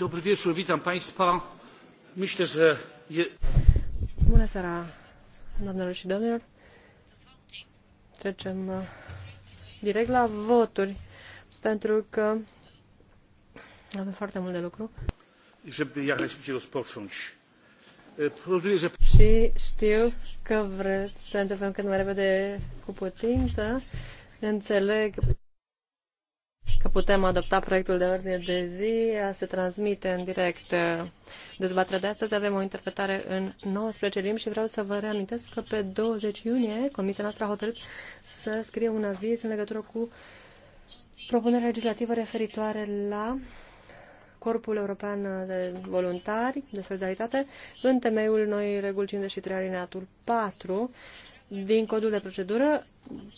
Dobry wieczór, witam Państwa. Myślę, że... Bună seara, doamnelor și domnilor. Trecem uh, direct la voturi, pentru că avem foarte mult de lucru. Żeby jak najszybciej rozpocząć. Rozumiem, że... Și știu că vreți să începem cât mai repede cu putință. Înțeleg putem adopta proiectul de ordine de zi. Se transmite în direct uh, dezbaterea de astăzi. Avem o interpretare în 19 limbi și vreau să vă reamintesc că pe 20 iunie Comisia noastră a hotărât să scrie un aviz în legătură cu propunerea legislativă referitoare la Corpul European de Voluntari de Solidaritate în temeiul noi reguli 53 alineatul 4 din codul de procedură,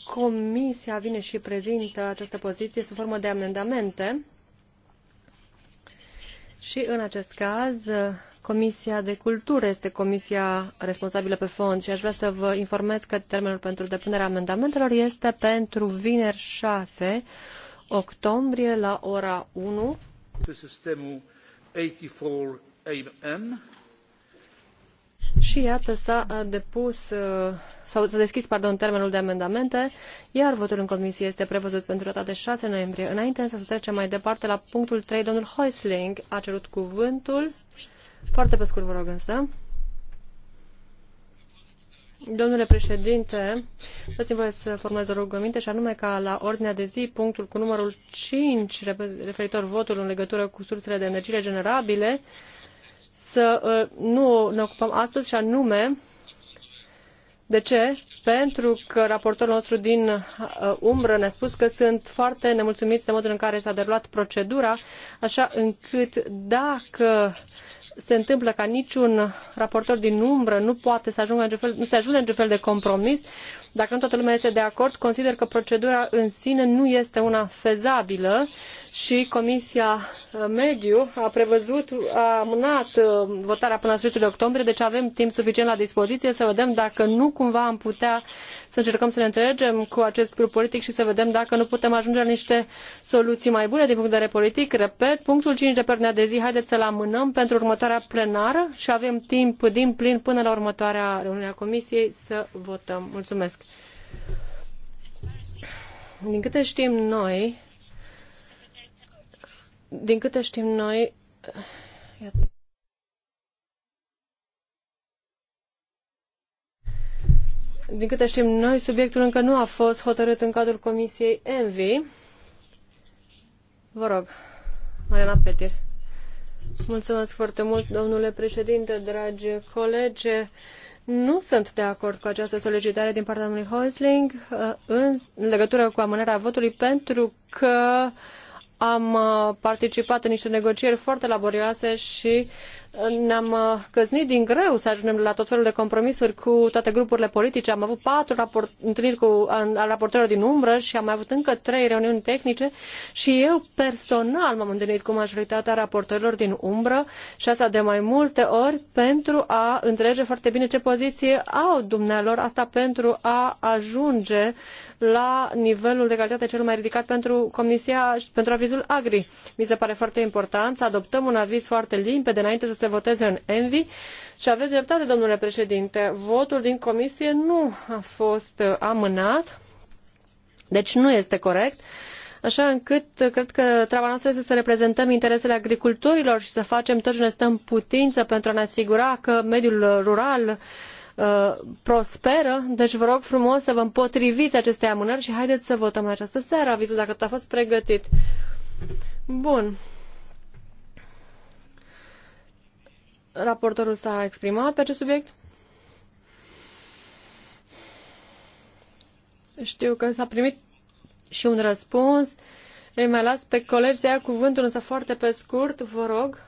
Comisia vine și prezintă această poziție sub formă de amendamente și în acest caz Comisia de Cultură este comisia responsabilă pe fond și aș vrea să vă informez că termenul pentru depunerea amendamentelor este pentru vineri 6 octombrie la ora 1 pe sistemul 84 AM și iată, s-a depus, uh, sau s-a deschis, pardon, termenul de amendamente, iar votul în comisie este prevăzut pentru data de 6 noiembrie. Înainte însă să trecem mai departe la punctul 3, domnul Heusling a cerut cuvântul. Foarte pe scurt, vă rog însă. Domnule președinte, dați-mi voie să formulez o rugăminte și anume ca la ordinea de zi punctul cu numărul 5 referitor votul în legătură cu sursele de energie regenerabile să uh, nu ne ocupăm astăzi și anume de ce? Pentru că raportorul nostru din uh, umbră ne-a spus că sunt foarte nemulțumiți de modul în care s-a derulat procedura, așa încât dacă se întâmplă ca niciun raportor din umbră nu poate să ajungă în fel, nu se ajunge în fel de compromis, uh, dacă nu toată lumea este de acord, consider că procedura în sine nu este una fezabilă și Comisia uh, Mediu a prevăzut, a amânat uh, votarea până la sfârșitul octombrie, deci avem timp suficient la dispoziție să vedem dacă nu cumva am putea să încercăm să ne înțelegem cu acest grup politic și să vedem dacă nu putem ajunge la niște soluții mai bune din punct de vedere politic. Repet, punctul 5 de pe ordinea de zi, haideți să-l amânăm pentru următoarea plenară și avem timp din plin până la următoarea reuniune a Comisiei să votăm. Mulțumesc! Din câte știm noi, din câte știm noi, iată, din câte știm noi, subiectul încă nu a fost hotărât în cadrul Comisiei ENVI. Vă rog, Mariana Petir. Mulțumesc foarte mult, domnule președinte, dragi colegi. Nu sunt de acord cu această solicitare din partea domnului Hosling uh, în legătură cu amânarea votului pentru că am uh, participat în niște negocieri foarte laborioase și ne-am uh, căznit din greu să ajungem la tot felul de compromisuri cu toate grupurile politice. Am avut patru raport, întâlniri cu al raportorilor din umbră și am mai avut încă trei reuniuni tehnice și eu personal m-am întâlnit cu majoritatea raportorilor din umbră și asta de mai multe ori pentru a înțelege foarte bine ce poziție au dumnealor, asta pentru a ajunge la nivelul de calitate cel mai ridicat pentru Comisia pentru avizul Agri. Mi se pare foarte important să adoptăm un aviz foarte limpede înainte să se voteze în Envi și aveți dreptate, domnule președinte, votul din comisie nu a fost uh, amânat, deci nu este corect așa încât uh, cred că treaba noastră este să reprezentăm interesele agricultorilor și să facem tot ce ne stăm putință pentru a ne asigura că mediul rural uh, prosperă, deci vă rog frumos să vă împotriviți aceste amânări și haideți să votăm în această seară avizul dacă tot a fost pregătit. Bun. Raportorul s-a exprimat pe acest subiect? Știu că s-a primit și un răspuns. Îi mai las pe colegi să ia cuvântul, însă foarte pe scurt, vă rog.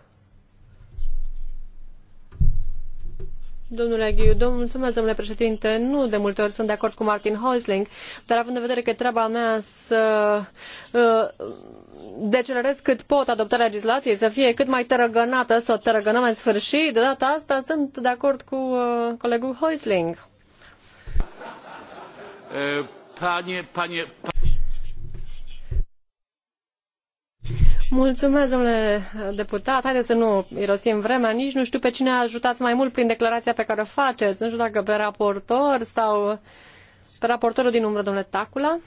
Domnule domnule președinte. Nu de multe ori sunt de acord cu Martin Häusling, dar având în vedere că treaba mea să uh, decelerez cât pot adoptarea legislației, să fie cât mai tărăgănată, să o tărăgănăm în sfârșit, de data asta sunt de acord cu uh, colegul Häusling. Uh, panie, panie, panie... Mulțumesc, domnule deputat. Haideți să nu irosim vremea. Nici nu știu pe cine ajutați mai mult prin declarația pe care o faceți. Nu știu dacă pe raportor sau pe raportorul din umbră, domnule Tacula.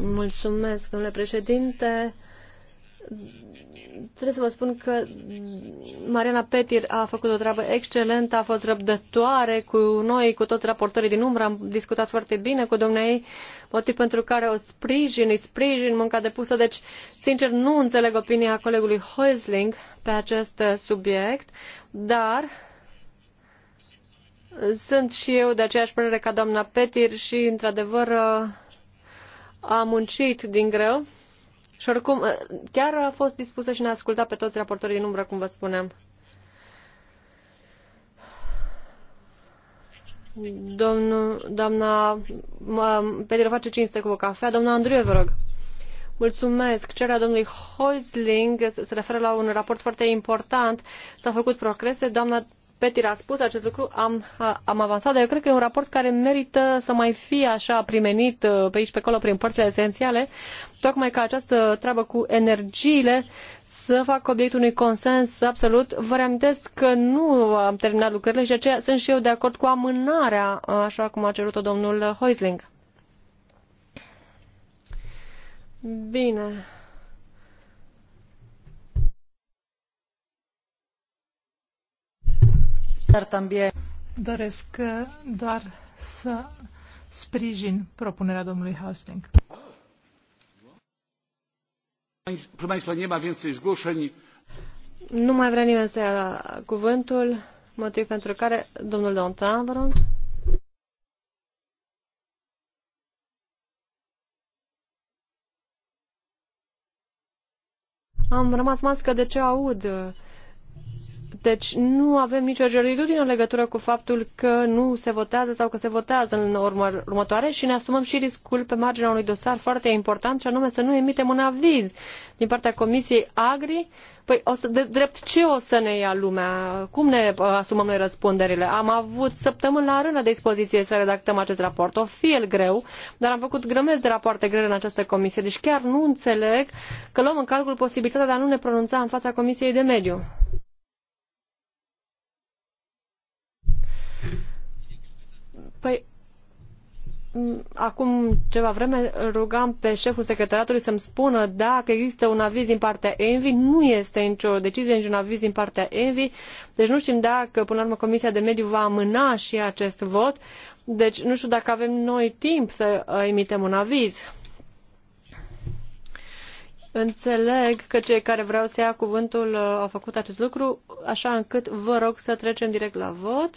Mulțumesc, domnule președinte trebuie să vă spun că Mariana Petir a făcut o treabă excelentă, a fost răbdătoare cu noi, cu toți raportorii din umbră, am discutat foarte bine cu ei, motiv pentru care o sprijin, îi sprijin munca depusă, deci, sincer, nu înțeleg opinia colegului Heusling pe acest subiect, dar sunt și eu de aceeași părere ca doamna Petir și, într-adevăr, a muncit din greu și oricum, ă, chiar a fost dispusă și ne-a ascultat pe toți raportorii în umbră, cum vă spuneam. Domnul, doamna, Petre face cinste cu o cafea. Doamna Andriu, vă rog. Mulțumesc. Cererea domnului Holzling se referă la un raport foarte important. S-a făcut progrese. Doamna Petir a spus acest lucru, am, am avansat, dar eu cred că e un raport care merită să mai fie așa primenit uh, pe aici, pe acolo, prin părțile esențiale, tocmai ca această treabă cu energiile să facă obiectul unui consens absolut. Vă reamintesc că nu am terminat lucrările și de aceea sunt și eu de acord cu amânarea, uh, așa cum a cerut-o domnul Heusling. Bine. Doresc uh, doar să sprijin propunerea domnului Hastings. Nu mai vrea nimeni să ia cuvântul, motiv pentru care domnul Dontan, vă rog. Am rămas mască de ce aud deci nu avem nicio certitudine în legătură cu faptul că nu se votează sau că se votează în urmă, următoare și ne asumăm și riscul pe marginea unui dosar foarte important, și anume să nu emitem un aviz din partea Comisiei Agri. Păi, o să, de drept ce o să ne ia lumea? Cum ne uh, asumăm noi răspunderile? Am avut săptămâni la rând la dispoziție să redactăm acest raport. O fi el greu, dar am făcut grămezi de rapoarte grele în această comisie. Deci chiar nu înțeleg că luăm în calcul posibilitatea de a nu ne pronunța în fața Comisiei de Mediu. Păi, acum ceva vreme rugam pe șeful secretariatului să-mi spună dacă există un aviz din partea ENVI. Nu este nicio decizie, niciun aviz din partea ENVI, deci nu știm dacă, până la urmă, Comisia de Mediu va amâna și acest vot. Deci nu știu dacă avem noi timp să uh, emitem un aviz. Înțeleg că cei care vreau să ia cuvântul uh, au făcut acest lucru, așa încât vă rog să trecem direct la vot.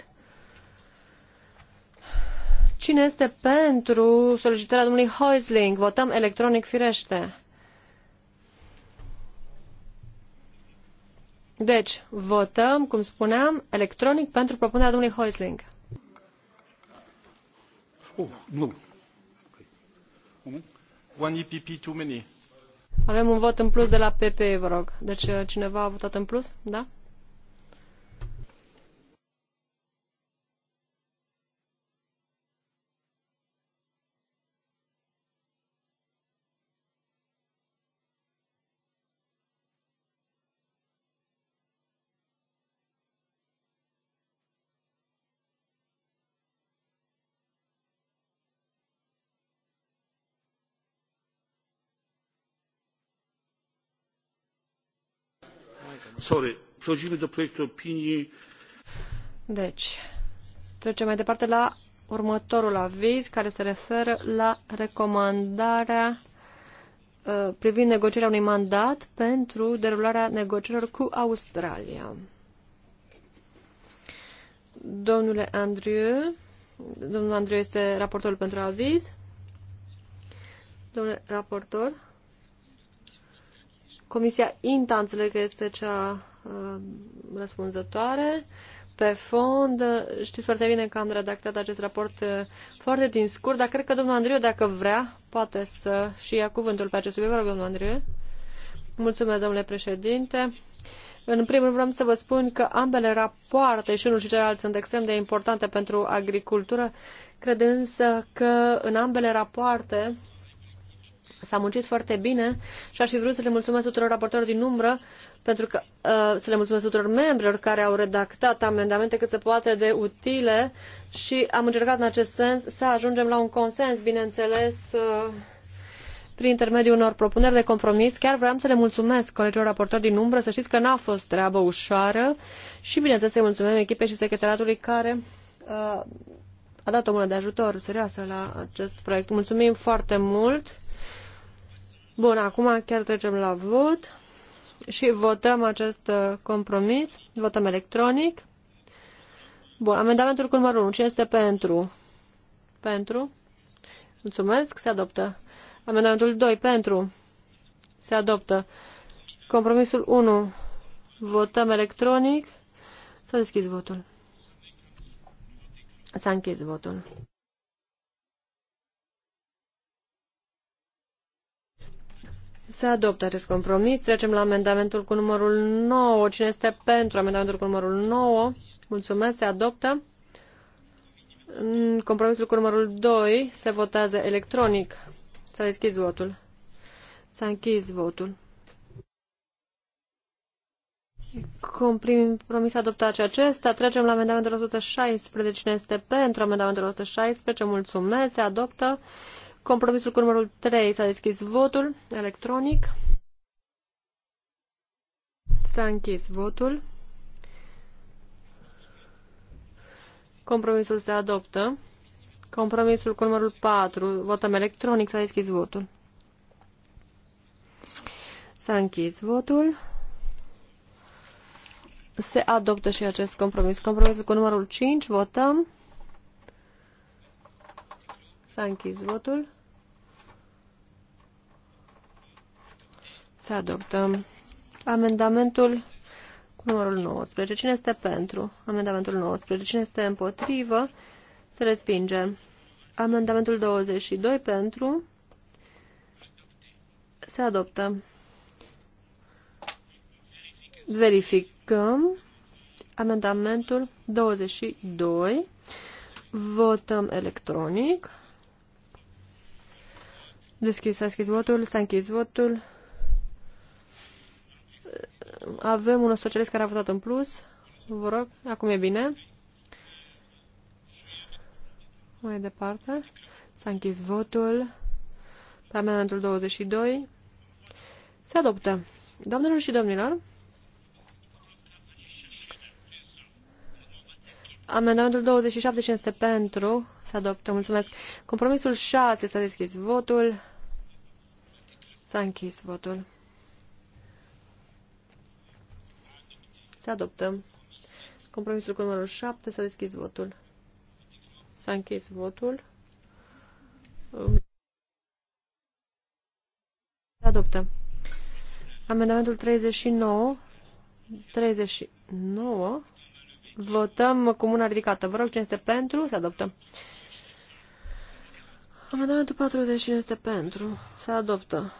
Cine este pentru solicitarea domnului Heusling? Votăm electronic firește. Deci, votăm, cum spuneam, electronic pentru propunerea domnului Heusling. Oh, nu. One EPP too many. Avem un vot în plus de la PP, vă rog. Deci uh, cineva a votat în plus? Da? przechodzimy do proiectu opinii. Deci, trecem mai departe la următorul aviz care se referă la recomandarea uh, privind negocierea unui mandat pentru derularea negocierilor cu Australia. Domnule Andrieu, domnul Andrieu este raportorul pentru aviz. Domnule raportor, Comisia INTA înțeleg că este cea uh, răspunzătoare. Pe fond, uh, știți foarte bine că am redactat acest raport uh, foarte din scurt, dar cred că domnul Andriu, dacă vrea, poate să și ia cuvântul pe acest subiect. Vă rog, domnul Andriu. Mulțumesc, domnule președinte. În primul rând vreau să vă spun că ambele rapoarte, și unul și celălalt, sunt extrem de importante pentru agricultură. Cred însă că în ambele rapoarte S-a muncit foarte bine și aș fi vrut să le mulțumesc tuturor raportorilor din umbră pentru că uh, să le mulțumesc tuturor membrilor care au redactat amendamente cât se poate de utile și am încercat în acest sens să ajungem la un consens, bineînțeles, uh, prin intermediul unor propuneri de compromis. Chiar vreau să le mulțumesc colegilor raportori din umbră, să știți că n-a fost treabă ușoară și, bineînțeles, să-i mulțumim echipei și secretariatului care uh, a dat o mână de ajutor serioasă la acest proiect. Mulțumim foarte mult! Bun, acum chiar trecem la vot și votăm acest uh, compromis. Votăm electronic. Bun, amendamentul cu numărul 1. Cine este pentru? Pentru. Mulțumesc, se adoptă. Amendamentul 2. Pentru. Se adoptă. Compromisul 1. Votăm electronic. S-a deschis votul. S-a închis votul. Se adoptă acest compromis. Trecem la amendamentul cu numărul 9. Cine este pentru amendamentul cu numărul 9? Mulțumesc. Se adoptă. În compromisul cu numărul 2 se votează electronic. S-a deschis votul. S-a închis votul. Compromis adoptat și acesta. Trecem la amendamentul 116. Cine este pentru amendamentul 116? Mulțumesc. Se adoptă. Compromisul cu numărul 3 s-a deschis votul electronic. S-a închis votul. Compromisul se adoptă. Compromisul cu numărul 4. Votăm electronic. S-a deschis votul. S-a închis votul. Se adoptă și acest compromis. Compromisul cu numărul 5. Votăm. S-a închis votul. Se adoptă. Amendamentul numărul 19. Cine este pentru? Amendamentul 19. Cine este împotrivă? Se respinge. Amendamentul 22 pentru. Se adoptă. Verificăm. Amendamentul 22. Votăm electronic. Deschis, s-a deschis votul, s-a închis votul. Avem un socialist care a votat în plus. Vă rog, acum e bine. Mai departe. S-a închis votul. amendamentul 22. Se adoptă. Doamnelor și domnilor, Amendamentul 27 și este pentru. Se adoptă. Mulțumesc. Compromisul 6 s-a deschis votul. S-a închis votul. Se adoptă. Compromisul cu numărul 7. S-a deschis votul. S-a închis votul. Se adoptă. Amendamentul 39. 39. Votăm cu mâna ridicată. Vă rog, cine este pentru? Se adoptă. Amendamentul 40 este pentru. Se adoptă.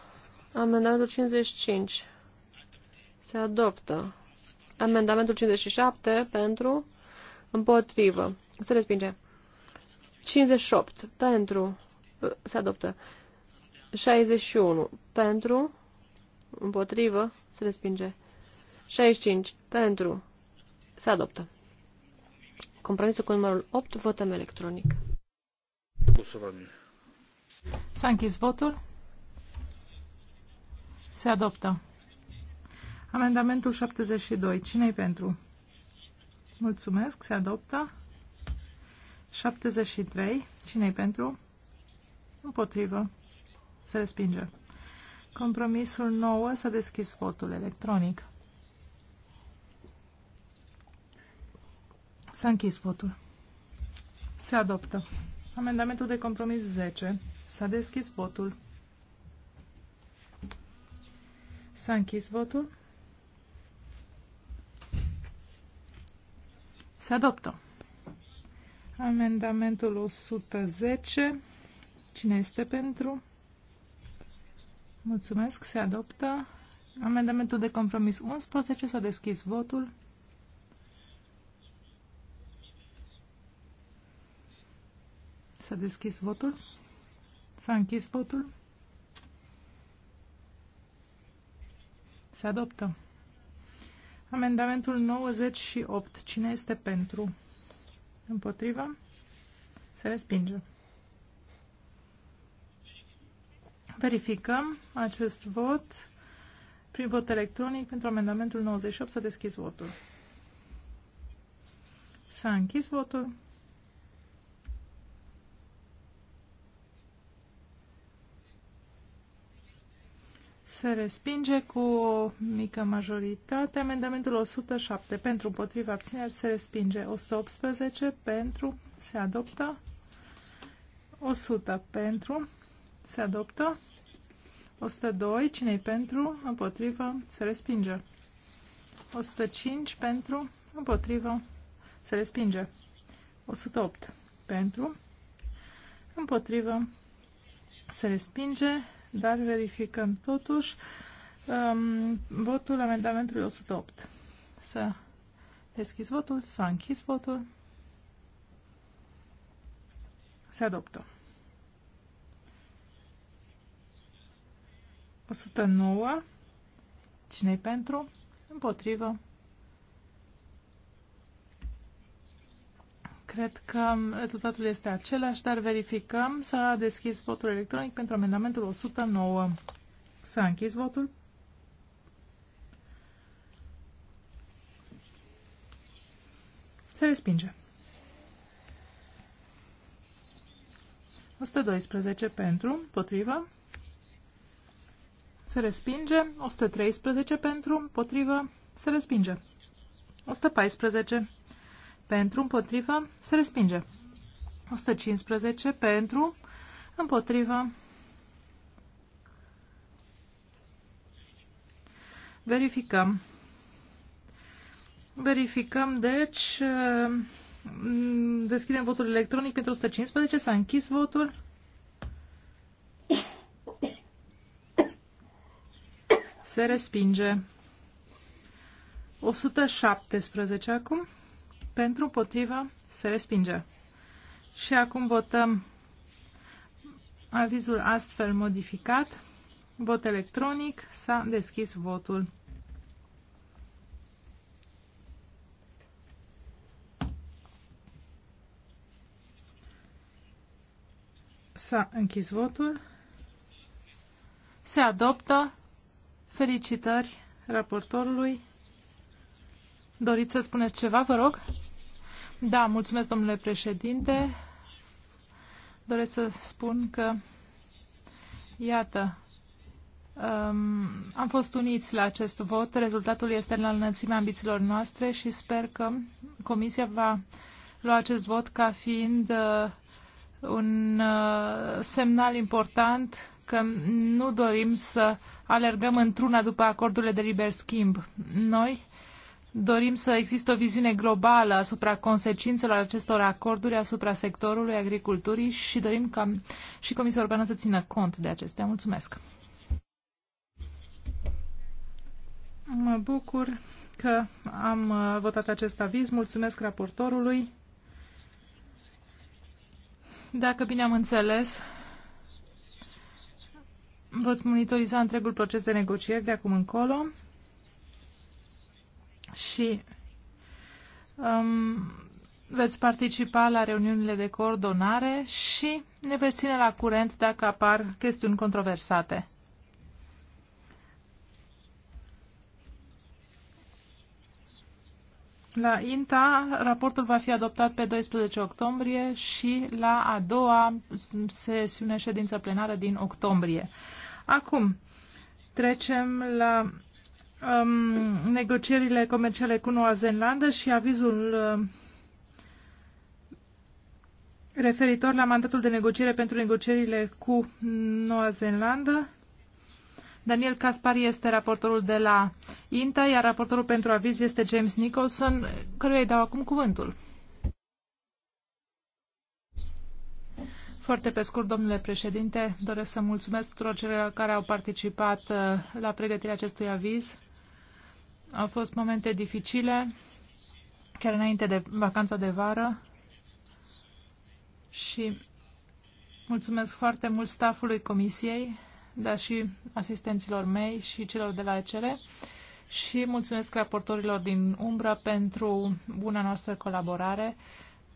Amendamentul 55. Se adoptă. Amendamentul 57 pentru, împotrivă, se respinge. 58 pentru, uh, se adoptă. 61 pentru, împotrivă, se respinge. 65 pentru, se adoptă. Compromisul cu numărul 8, votăm electronic. S-a închis votul. Se adoptă. Amendamentul 72. Cine-i pentru? Mulțumesc. Se adoptă. 73. Cine-i pentru? Împotrivă. Se respinge. Compromisul 9. S-a deschis votul electronic. S-a închis votul. Se adoptă. Amendamentul de compromis 10. S-a deschis votul. S-a închis votul. Se adoptă. Amendamentul 110. Cine este pentru? Mulțumesc. Se adoptă. Amendamentul de compromis 11. S-a deschis votul. S-a deschis votul. S-a închis votul. Se adoptă. Amendamentul 98. Cine este pentru? Împotrivă? Se respinge. Verificăm acest vot prin vot electronic pentru amendamentul 98. S-a deschis votul. S-a închis votul. Se respinge cu o mică majoritate. Amendamentul 107 pentru împotriva abțineri se respinge. 118 pentru se adoptă. 100 pentru se adoptă. 102 cine pentru împotriva se respinge. 105 pentru împotriva se respinge. 108 pentru împotriva se respinge dar verificăm totuși um, votul amendamentului 108. Să deschis votul, s-a închis votul, se adoptă. 109. Cine-i pentru? Împotrivă. Cred că um, rezultatul este același, dar verificăm. S-a deschis votul electronic pentru amendamentul 109. S-a închis votul. Se respinge. 112 pentru, potrivă. Se respinge. 113 pentru, potrivă. Se respinge. 114 pentru, împotrivă, se respinge. 115 pentru, împotrivă. Verificăm. Verificăm, deci, deschidem votul electronic pentru 115, s-a închis votul. Se respinge. 117 acum. Pentru, potrivă, se respinge. Și acum votăm avizul astfel modificat. Vot electronic. S-a deschis votul. S-a închis votul. Se adoptă. Felicitări raportorului. Doriți să spuneți ceva, vă rog? Da, mulțumesc, domnule președinte. Doresc să spun că, iată, um, am fost uniți la acest vot. Rezultatul este în înălțimea ambițiilor noastre și sper că Comisia va lua acest vot ca fiind uh, un uh, semnal important că nu dorim să alergăm într-una după acordurile de liber schimb. Noi Dorim să existe o viziune globală asupra consecințelor acestor acorduri asupra sectorului agriculturii și dorim ca și Comisia Europeană să țină cont de acestea. Mulțumesc! Mă bucur că am uh, votat acest aviz. Mulțumesc raportorului. Dacă bine am înțeles, Vă monitoriza întregul proces de negocieri de acum încolo și um, veți participa la reuniunile de coordonare și ne veți ține la curent dacă apar chestiuni controversate. La INTA, raportul va fi adoptat pe 12 octombrie și la a doua sesiune ședință plenară din octombrie. Acum, trecem la um, negocierile comerciale cu Noua Zeelandă și avizul uh, referitor la mandatul de negociere pentru negocierile cu Noua Zeelandă. Daniel Caspari este raportorul de la INTA, iar raportorul pentru aviz este James Nicholson, căruia îi dau acum cuvântul. Foarte pe scurt, domnule președinte, doresc să mulțumesc tuturor celor care au participat uh, la pregătirea acestui aviz. Au fost momente dificile, chiar înainte de vacanța de vară și mulțumesc foarte mult staffului comisiei, dar și asistenților mei și celor de la ECR și mulțumesc raportorilor din umbră pentru buna noastră colaborare.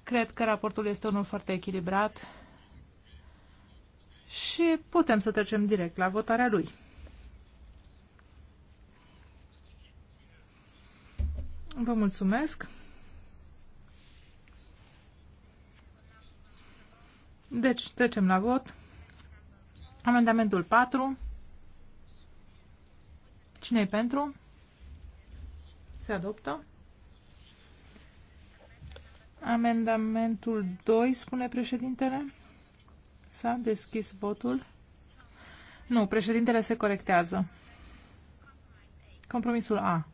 Cred că raportul este unul foarte echilibrat și putem să trecem direct la votarea lui. Vă mulțumesc. Deci, trecem la vot. Amendamentul 4. Cine-i pentru? Se adoptă. Amendamentul 2, spune președintele. S-a deschis votul. Nu, președintele se corectează. Compromisul A.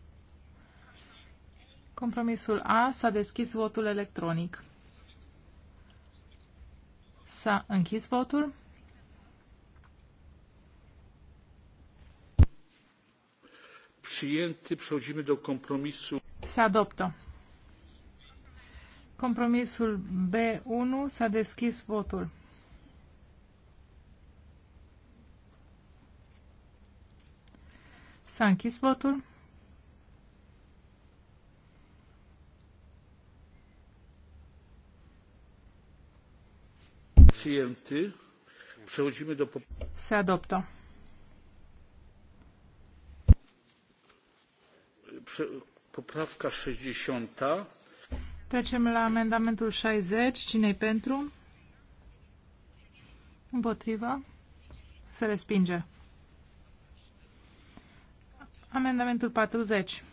Compromisul A s-a deschis votul electronic. S-a închis votul. Przyjęty. Przechodzimy do kompromisu. Se adoptă. Compromisul B1 s-a deschis votul. S-a închis votul. przyjęty. Przechodzimy do... Se adoptă. Poprawka 60. Trecem la amendamentul 60. cine pentru? Împotriva? Se respinge. Amendamentul 40.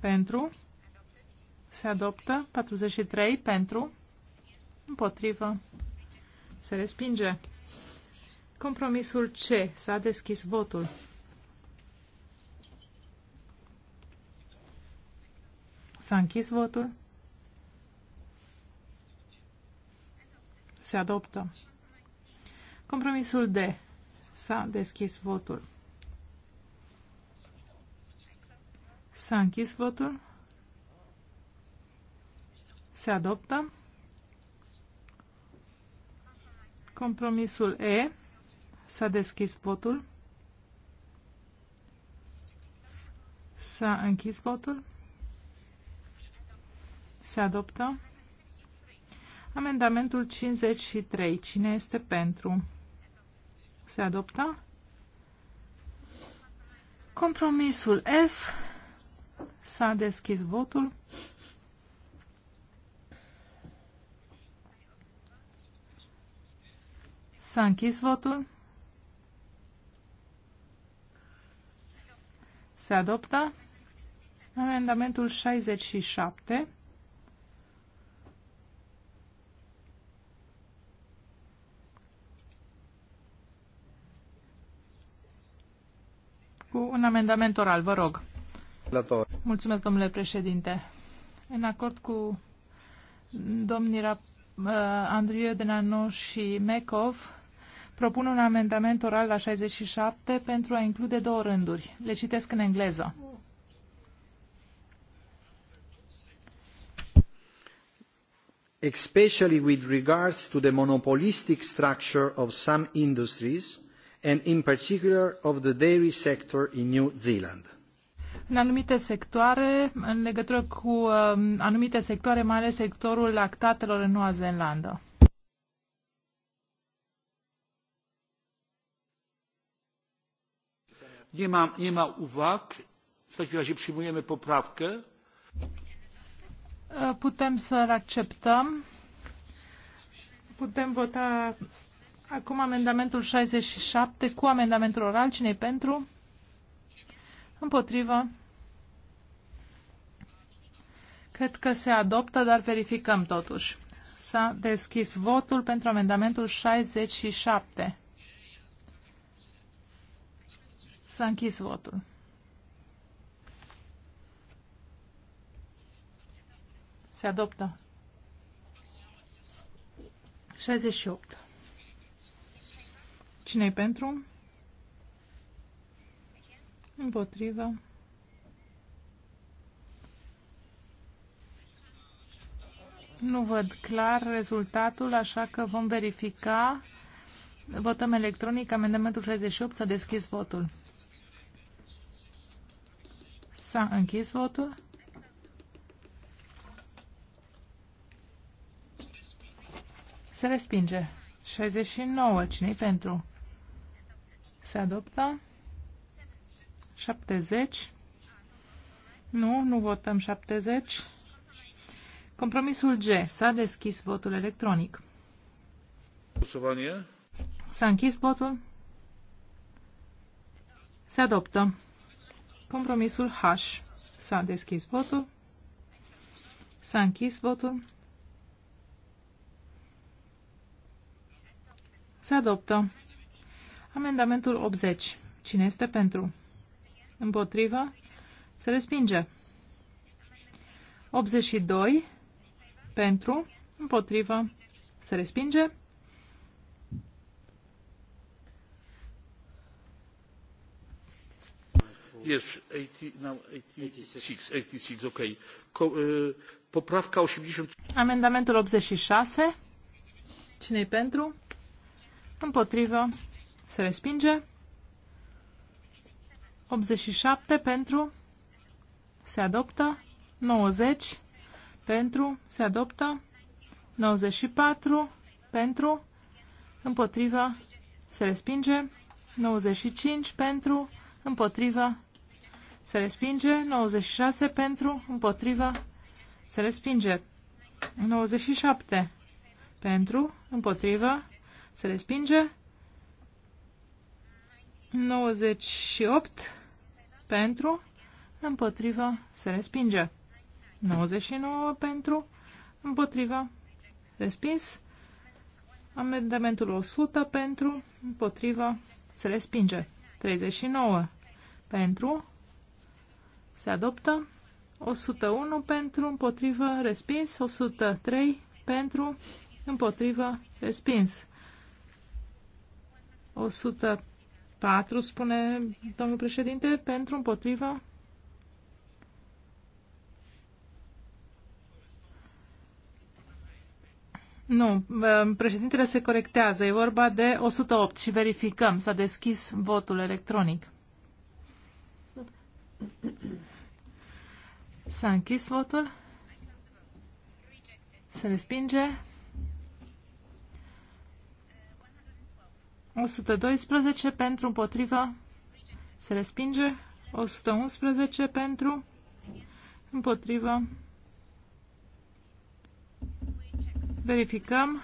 Pentru? Se adoptă. 43. Pentru? Împotrivă. Se respinge. Compromisul C. S-a deschis votul. S-a închis votul. Se adoptă. Compromisul D. S-a deschis votul. S-a închis votul. Se adoptă. Compromisul E. S-a deschis votul. S-a închis votul. Se adoptă. Amendamentul 53. Cine este pentru? Se adoptă. Compromisul F. S-a deschis votul. S-a închis votul. Se adoptă amendamentul 67. Cu un amendament oral, vă rog. Mulțumesc, domnule președinte. În acord cu domnii uh, Andrieu Denano și Mekov, Propun un amendament oral la 67 pentru a include două rânduri. Le citesc în engleză. especially with regards to the monopolistic structure of some industries and in particular of the dairy sector in New Zealand. În anumite sectoare, în legătură cu um, anumite sectoare, mai ales sectorul lactatelor în Noua Zeelandă. Nie ma, uwag. W takim razie przyjmujemy poprawkę. Putem să-l acceptăm. Putem vota acum amendamentul 67 cu amendamentul oral. cine pentru? Împotrivă. Cred că se adoptă, dar verificăm totuși. S-a deschis votul pentru amendamentul 67. S-a închis votul. Se adoptă. 68. cine e pentru? Împotrivă. Nu văd clar rezultatul, așa că vom verifica. Votăm electronic. Amendamentul 68 s-a deschis votul. S-a închis votul. Se respinge. 69. Cine-i pentru? Se adoptă. 70. Nu, nu votăm 70. Compromisul G. S-a deschis votul electronic. S-a închis votul. Se adoptă. Compromisul H. S-a deschis votul. S-a închis votul. Se adoptă. Amendamentul 80. Cine este pentru? Împotrivă? Se respinge. 82. Pentru? Împotrivă? Se respinge. Yes, 86, 86, okay. Co, y, poprawka Amendamentul 86. cine pentru? Împotrivă. Se respinge. 87 pentru. Se adoptă. 90 pentru. Se adoptă. 94 pentru. Împotrivă. Se respinge. 95 pentru. Împotrivă se respinge. 96 pentru, împotriva, se respinge. 97 pentru, împotriva, se respinge. 98 pentru, împotriva, se respinge. 99 pentru, împotriva, respins. Amendamentul 100 pentru, împotriva, se respinge. 39 pentru, se adoptă. 101 pentru, împotrivă, respins. 103 pentru, împotrivă, respins. 104, spune domnul președinte, pentru, împotrivă. Nu, uh, președintele se corectează. E vorba de 108 și verificăm. S-a deschis votul electronic. S-a închis votul. Se respinge. 112 pentru împotriva. Se respinge. 111 pentru împotriva. Verificăm.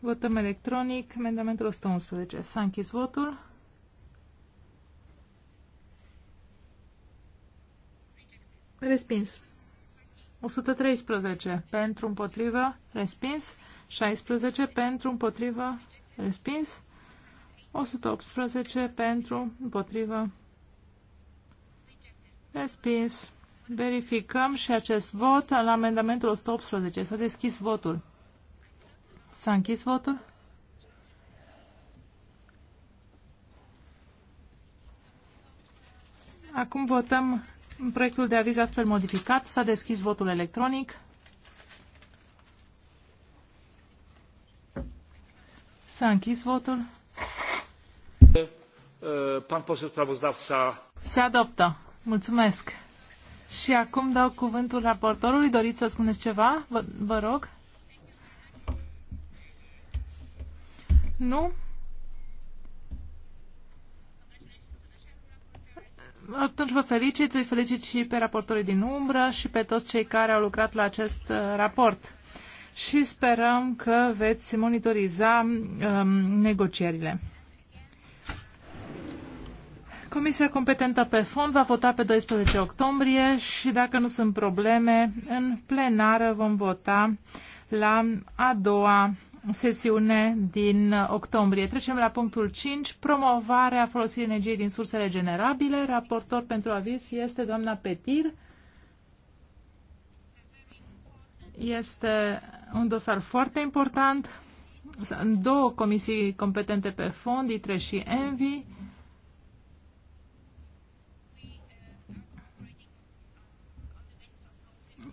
Votăm electronic. Amendamentul 111. S-a închis votul. Respins. 113 pentru împotrivă, respins. 16 pentru împotrivă, respins. 118 pentru împotrivă, respins. Verificăm și acest vot la amendamentul 118. S-a deschis votul. S-a închis votul? Acum votăm Proiectul de aviz astfel modificat. S-a deschis votul electronic. S-a închis votul. Pan poseł sprawozdawca. Se adoptă. Mulțumesc. Și acum dau cuvântul raportorului. Doriți să spuneți ceva? Vă, vă rog. Nu? Atunci vă felicit, îi felicit și pe raportorii din umbră și pe toți cei care au lucrat la acest uh, raport. Și sperăm că veți monitoriza um, negocierile. Comisia competentă pe fond va vota pe 12 octombrie și dacă nu sunt probleme, în plenară vom vota la a doua sesiune din octombrie. Trecem la punctul 5, promovarea folosirii energiei din surse regenerabile. Raportor pentru aviz este doamna Petir. Este un dosar foarte important. Sunt două comisii competente pe fond, ITRE și ENVI.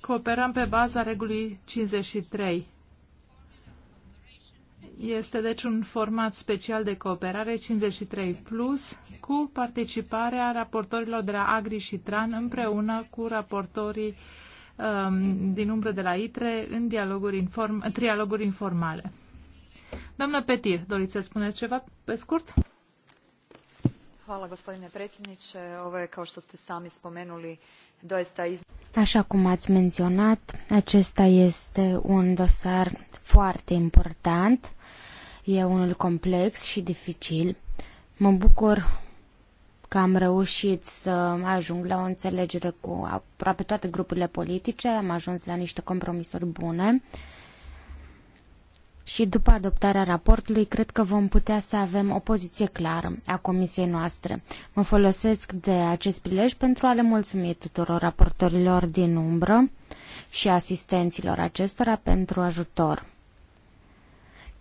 Cooperăm pe baza regulii 53 este deci un format special de cooperare 53 plus cu participarea raportorilor de la Agri și Tran împreună cu raportorii um, din umbră de la ITRE în dialoguri inform, trialoguri informale. Doamnă Petir, doriți să spuneți ceva pe scurt? Hvala, gospodine predsjedniče. Ovo je, kao što ste sami spomenuli, doista iz... Așa cum ați menționat, acesta este un dosar foarte important E unul complex și dificil. Mă bucur că am reușit să ajung la o înțelegere cu aproape toate grupurile politice, am ajuns la niște compromisuri bune și după adoptarea raportului cred că vom putea să avem o poziție clară a comisiei noastre. Mă folosesc de acest prilej pentru a le mulțumi tuturor raportorilor din umbră și asistenților acestora pentru ajutor.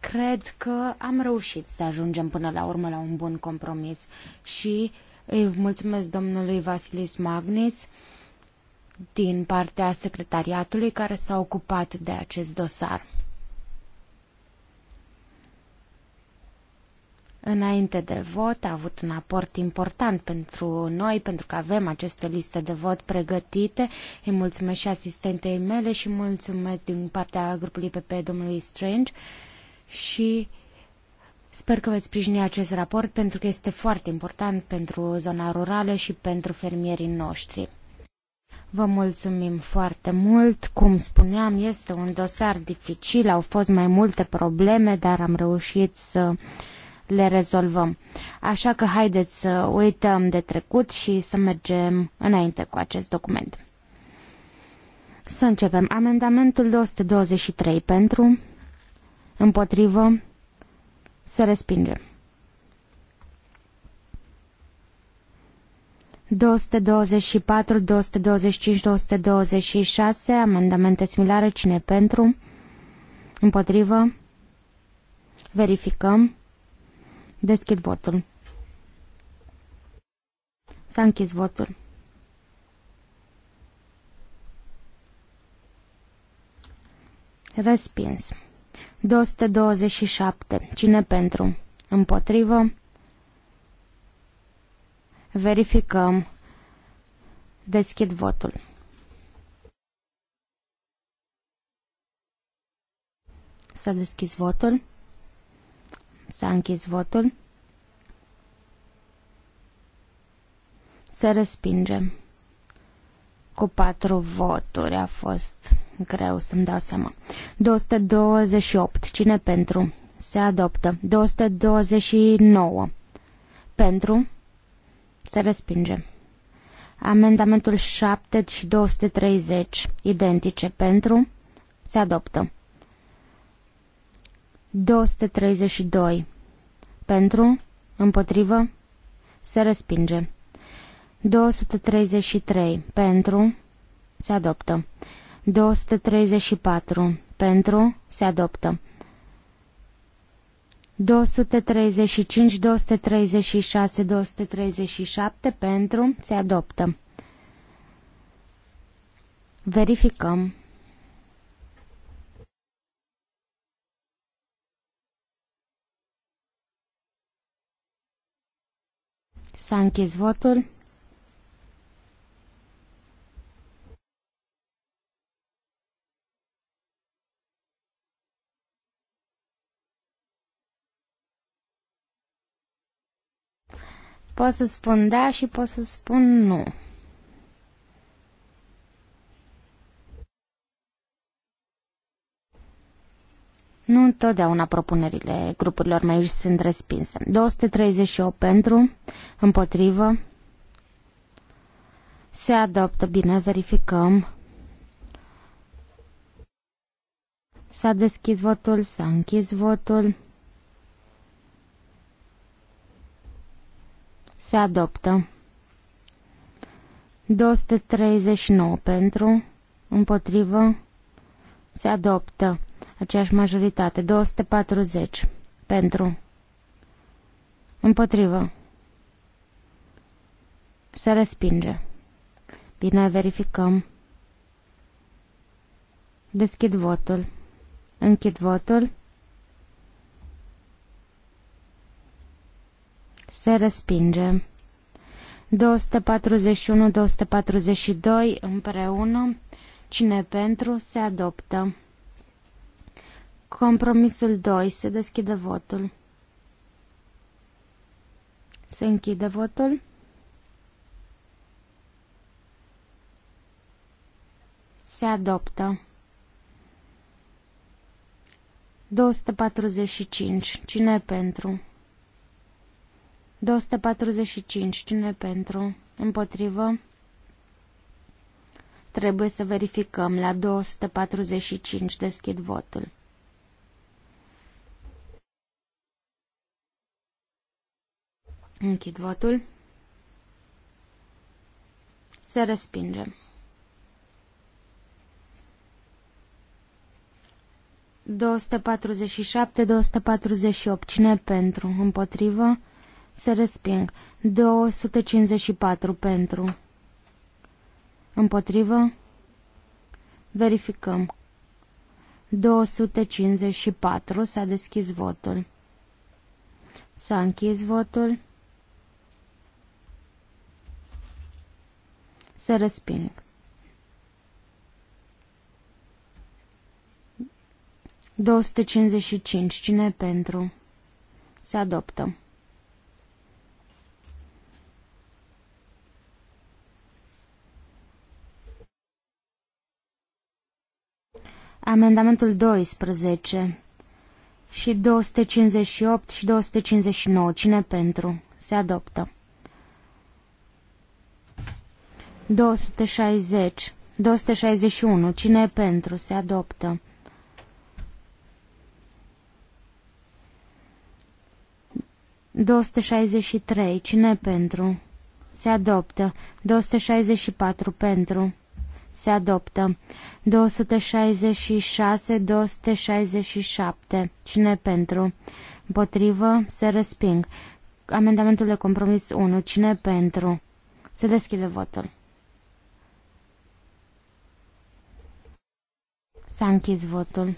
Cred că am reușit să ajungem până la urmă la un bun compromis și îi mulțumesc domnului Vasilis Magnis din partea secretariatului care s-a ocupat de acest dosar. Înainte de vot a avut un aport important pentru noi, pentru că avem aceste liste de vot pregătite. Îi mulțumesc și asistentei mele și mulțumesc din partea grupului PP domnului Strange și sper că veți sprijini acest raport pentru că este foarte important pentru zona rurală și pentru fermierii noștri. Vă mulțumim foarte mult. Cum spuneam, este un dosar dificil, au fost mai multe probleme, dar am reușit să le rezolvăm. Așa că haideți să uităm de trecut și să mergem înainte cu acest document. Să începem. Amendamentul 223 pentru, împotrivă, se respinge. 224, 225, 226, amendamente similare, cine pentru, împotrivă, verificăm, deschid votul. S-a închis votul. Respins. 227. Cine pentru? Împotrivă? Verificăm. Deschid votul. S-a deschis votul. S-a închis votul. Se respinge. Cu patru voturi a fost greu să-mi dau seama. 228. Cine pentru? Se adoptă. 229. Pentru? Se respinge. Amendamentul 7 și 230, identice pentru, se adoptă. 232, pentru, împotrivă, se respinge. 233, pentru, se adoptă. 234. Pentru. Se adoptă. 235, 236, 237. Pentru. Se adoptă. Verificăm. S-a închis votul. Pot să spun da și pot să spun nu. Nu întotdeauna propunerile grupurilor mei sunt respinse. 238 pentru, împotrivă. Se adoptă, bine, verificăm. S-a deschis votul, s-a închis votul. Se adoptă. 239 pentru, împotrivă, se adoptă aceeași majoritate, 240 pentru, împotrivă, se respinge. Bine, verificăm. Deschid votul. Închid votul. se respinge. 241-242 împreună, cine pentru, se adoptă. Compromisul 2, se deschide votul. Se închide votul. Se adoptă. 245. Cine pentru? 245. Cine pentru? Împotrivă? Trebuie să verificăm. La 245 deschid votul. Închid votul. Se respinge. 247-248. Cine pentru? Împotrivă? Se resping. 254 pentru. Împotrivă. Verificăm. 254. S-a deschis votul. S-a închis votul. Se resping. Două Cine pentru? Se adoptă. Amendamentul 12 și 258 și 259. Cine pentru? Se adoptă. 260. 261. Cine e pentru? Se adoptă. 263. Cine e pentru? Se adoptă. 264 pentru se adoptă. 266-267. Cine pentru? Împotrivă? Se resping. Amendamentul de compromis 1. Cine pentru? Se deschide votul. S-a închis votul.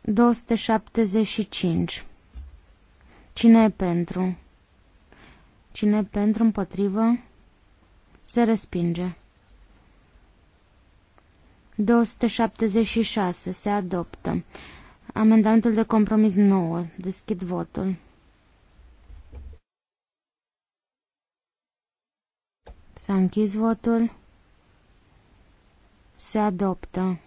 Două șaptezeci și cinci. Cine e pentru? Cine e pentru împotrivă? Se respinge. 276. Se adoptă. Amendamentul de compromis 9. Deschid votul. S-a închis votul. Se adoptă.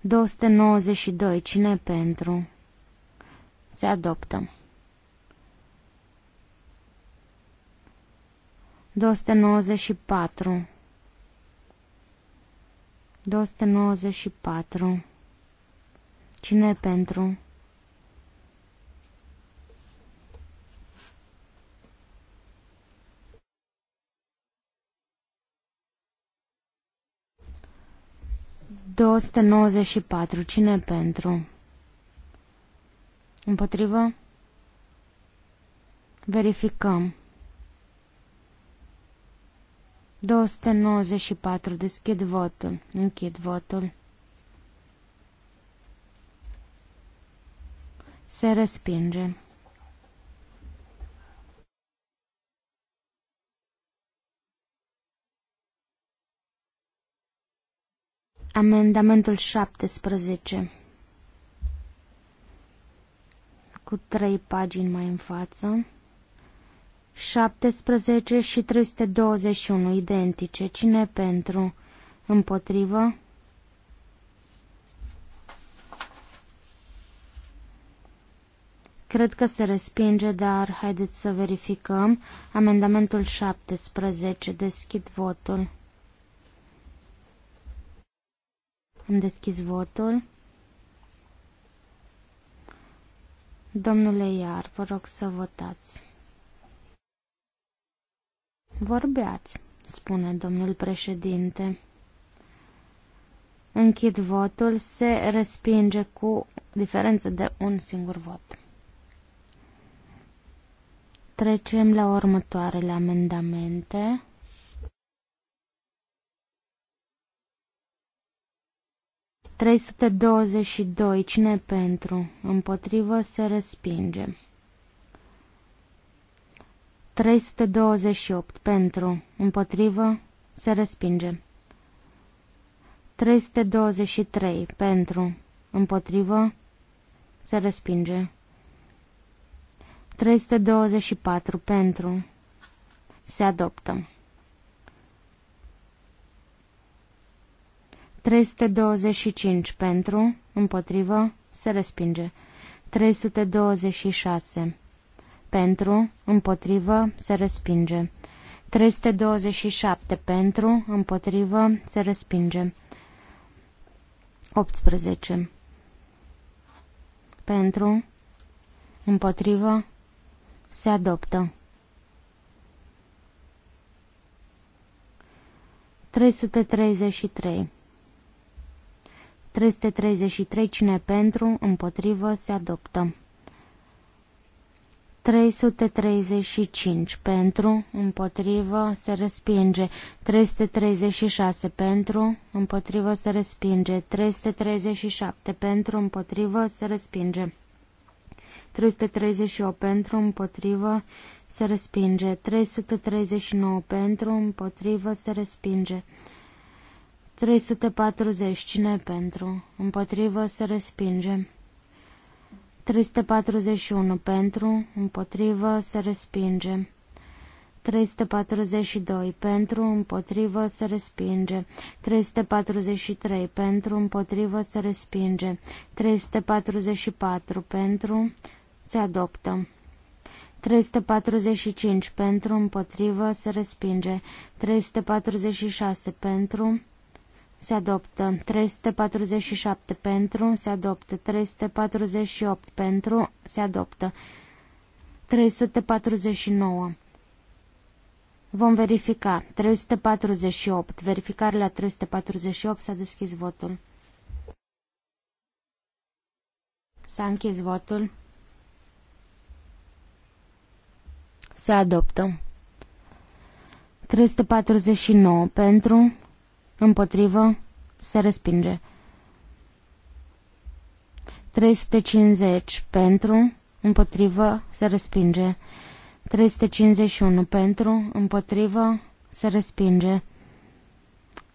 292. Cine pentru? Se adoptă. 294 294 Cine e pentru? patru Cine pentru? Împotrivă? Verificăm. 294. Deschid votul. Închid votul. Se respinge. Amendamentul 17. cu trei pagini mai în față. 17 și 321, identice. Cine pentru? Împotrivă? Cred că se respinge, dar haideți să verificăm. Amendamentul 17. Deschid votul. Am deschis votul. Domnule Iar, vă rog să votați. Vorbeați, spune domnul președinte. Închid votul, se respinge cu diferență de un singur vot. Trecem la următoarele amendamente. 322. Cine pentru? Împotrivă se respinge. 328. Pentru. Împotrivă se respinge. 323. Pentru. Împotrivă se respinge. 324. Pentru. Se adoptă. 325 pentru, împotrivă, se respinge. 326 pentru, împotrivă, se respinge. 327 pentru, împotrivă, se respinge. 18 pentru, împotrivă, se adoptă. 333 333 cine pentru, împotrivă, se adoptă. 335 pentru, împotrivă, se respinge. 336 pentru, împotrivă, se respinge. 337 pentru, împotrivă, se respinge. 338 pentru, împotrivă, se respinge. 339 pentru, împotrivă, se respinge. 340. Cine pentru? Împotrivă se respinge. 341. Pentru? Împotrivă se respinge. 342 pentru, împotrivă, se respinge. 343 pentru, împotrivă, se respinge. 344 pentru, se adoptă. 345 pentru, împotrivă, se respinge. 346 pentru, se adoptă 347 pentru, se adoptă 348 pentru, se adoptă 349. Vom verifica 348. Verificare la 348 s-a deschis votul. S-a închis votul. Se adoptă. 349 pentru, Împotrivă. Se respinge. 350 pentru. Împotrivă. Se respinge. 351 pentru. Împotrivă. Se respinge.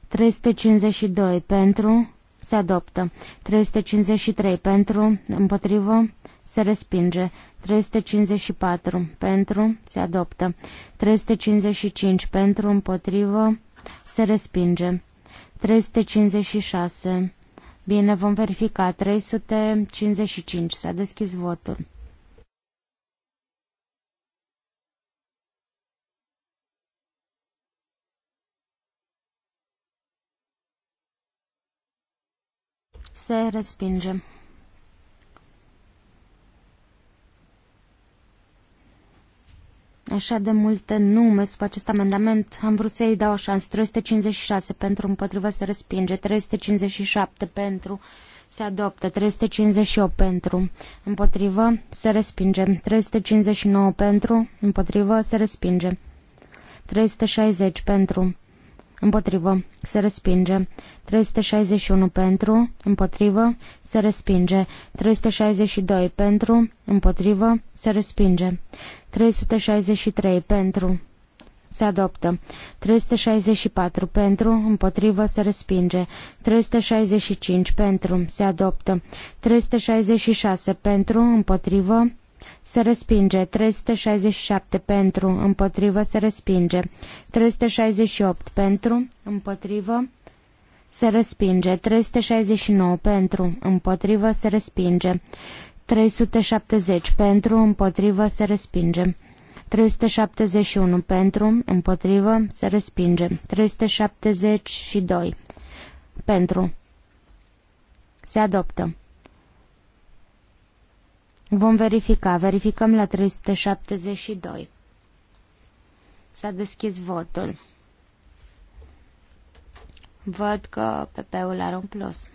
352 pentru. Se adoptă. 353 pentru. Împotrivă se respinge. 354 pentru, se adoptă. 355 pentru, împotrivă, se respinge. 356. Bine, vom verifica. 355. S-a deschis votul. Se respinge. așa de multe nume sub acest amendament, am vrut să-i dau o șansă. 356 pentru împotriva se respinge, 357 pentru se adoptă, 358 pentru împotrivă se respinge, 359 pentru împotrivă se respinge, 360 pentru Împotrivă. Se respinge. 361 pentru. Împotrivă. Se respinge. 362 pentru. Împotrivă. Se respinge. 363 pentru. Se adoptă. 364 pentru, împotrivă, se respinge. 365 pentru, se adoptă. 366 pentru, împotrivă, se respinge, 367 pentru, împotrivă, se respinge, 368 pentru, împotrivă, se respinge, 369 pentru, împotrivă, se respinge, 370 pentru, împotrivă, se respinge. 371 pentru, împotrivă, se respinge. 372 pentru. Se adoptă. Vom verifica. Verificăm la 372. S-a deschis votul. Văd că PP-ul are un plus.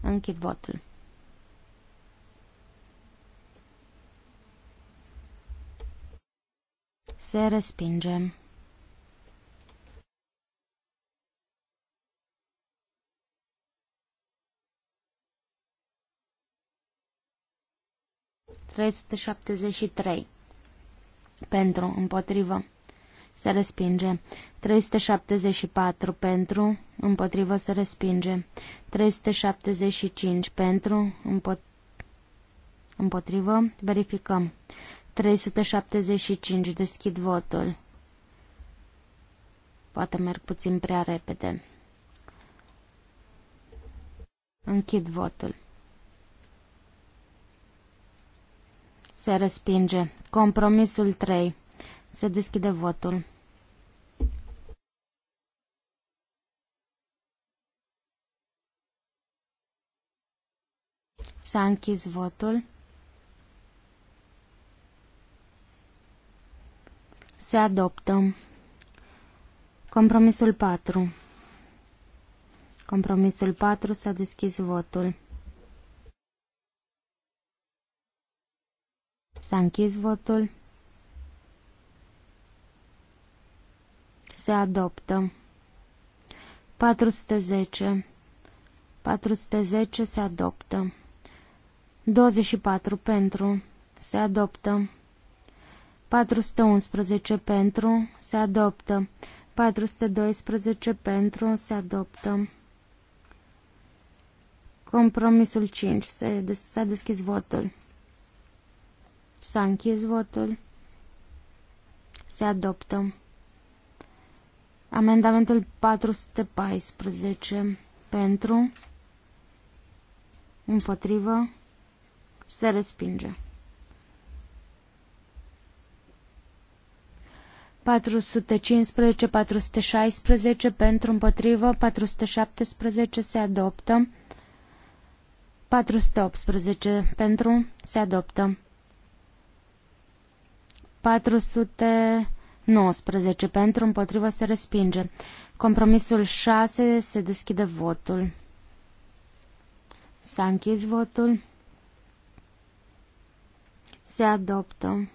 Închid votul. Se respinge. 373. Pentru, împotrivă, se respinge. 374 pentru, împotrivă, se respinge. 375 pentru, împotrivă, verificăm. 375, deschid votul. Poate merg puțin prea repede. Închid votul. Se respinge. Compromisul 3. Se deschide votul. S-a închis votul. Se adoptă. Compromisul 4. Compromisul 4 s-a deschis votul. S-a închis votul. Se adoptă. 410. 410 se adoptă. 24 pentru. Se adoptă. 411 pentru. Se adoptă. 412 pentru. Se adoptă. Compromisul 5. S-a deschis votul. S-a închis votul. Se adoptă. Amendamentul 414 pentru, împotrivă, se respinge. 415, 416 pentru împotrivă, 417 se adoptă, 418 pentru se adoptă. 419 pentru, împotrivă se respinge. Compromisul 6 se deschide votul. S-a închis votul. Se adoptă.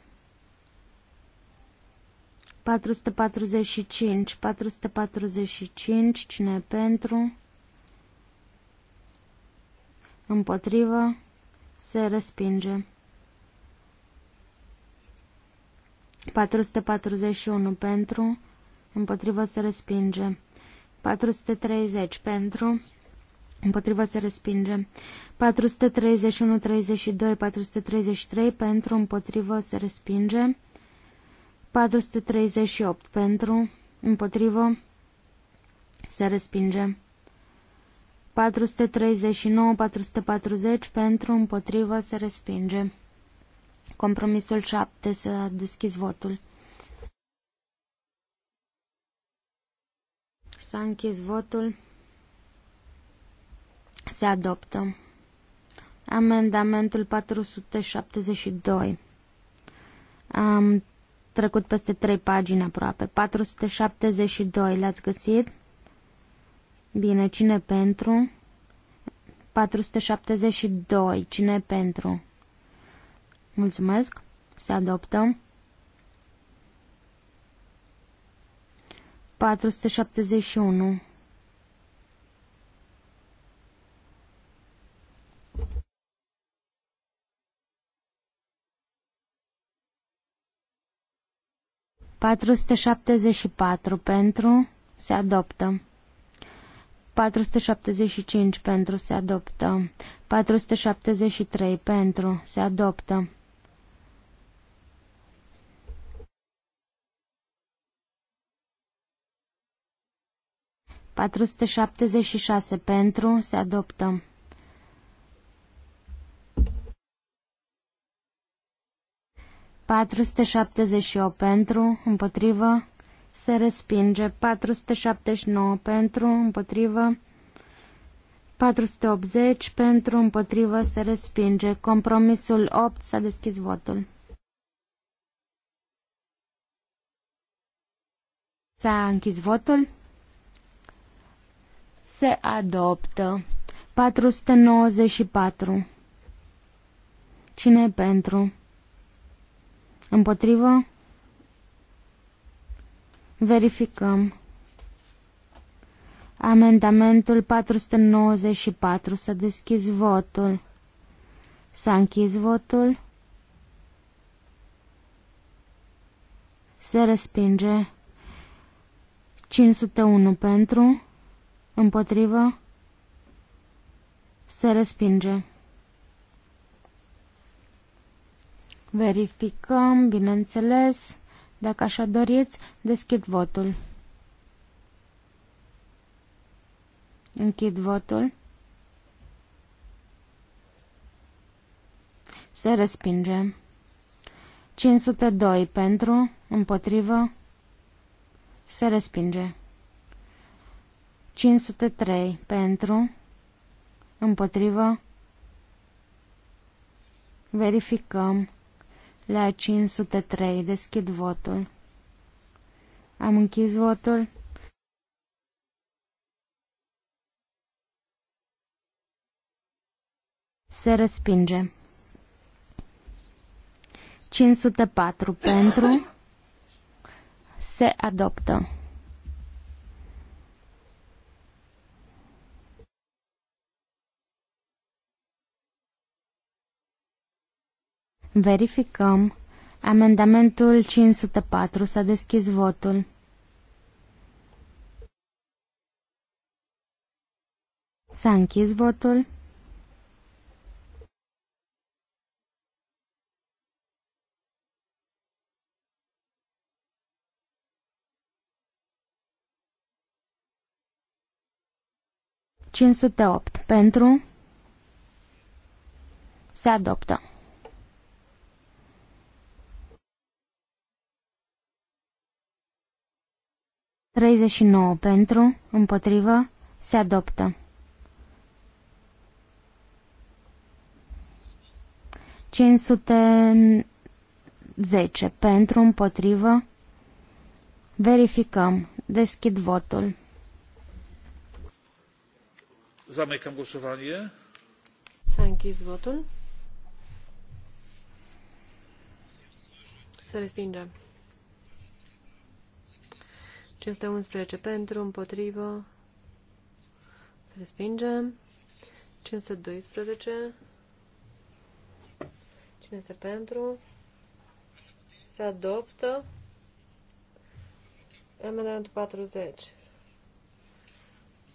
445, 445, cine e pentru? Împotrivă, se respinge. 441 pentru, împotrivă se respinge. 430 pentru, împotrivă se respinge. 431, 32, 433 pentru, împotrivă se respinge. 438 pentru, împotrivă se respinge. 439, 440 pentru, împotrivă se respinge. Compromisul 7 să deschis votul. S-a închis votul. Se adoptă. Amendamentul 472. Am trecut peste trei pagini aproape. 472 l-ați găsit? Bine, cine pentru? 472. Cine pentru? Mulțumesc. Se adoptă. 471. 474 pentru se adoptă. 475 pentru se adoptă. 473 pentru se adoptă. 476 pentru se adoptă. 478 pentru, împotrivă, se respinge. 479 pentru, împotrivă, 480 pentru, împotrivă, se respinge. Compromisul 8 s-a deschis votul. S-a închis votul. Se adoptă. 494. Cine e pentru? Împotrivă? Verificăm. Amendamentul 494. S-a deschis votul. S-a închis votul. Se respinge. 501 pentru împotrivă, se respinge. Verificăm, bineînțeles, dacă așa doriți, deschid votul. Închid votul. Se respinge. 502 pentru, împotrivă, se respinge. 503 pentru, împotrivă, verificăm la 503, deschid votul. Am închis votul. Se respinge. 504 pentru. Se adoptă. Verificăm. Amendamentul 504. S-a deschis votul. S-a închis votul. Cinci opt pentru se adoptă. 39 pentru, împotrivă, se adoptă. 510 pentru, împotrivă, verificăm, deschid votul. Zamykam gosovanie. S-a închis votul. Să respingem. 511 pentru, împotrivă, se respinge. 512. Cine este pentru? Se adoptă. Amendamentul 40.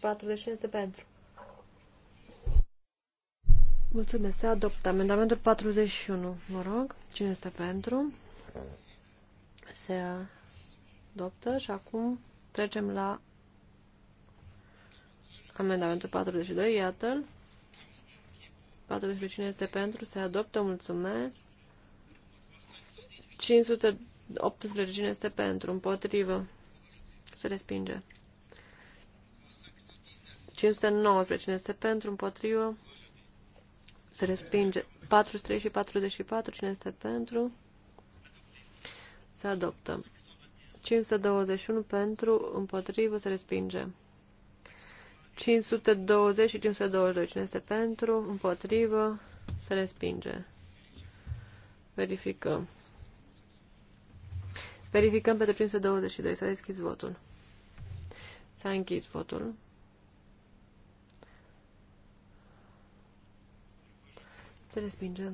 45 este pentru. Mulțumesc. Se adoptă. Amendamentul 41. Mă rog. Cine este pentru? Se adoptă și acum trecem la amendamentul 42, iată-l. 45 este pentru, se adoptă, mulțumesc. 518 cine este pentru, împotrivă, se respinge. 519 cine este pentru, împotrivă, se respinge. 43 și 44 cine este pentru, se adoptă. 521 pentru, împotrivă, se respinge. 520 și 522. Cine este pentru, împotrivă, se respinge. Verificăm. Verificăm pentru 522. S-a deschis votul. S-a închis votul. Se respinge.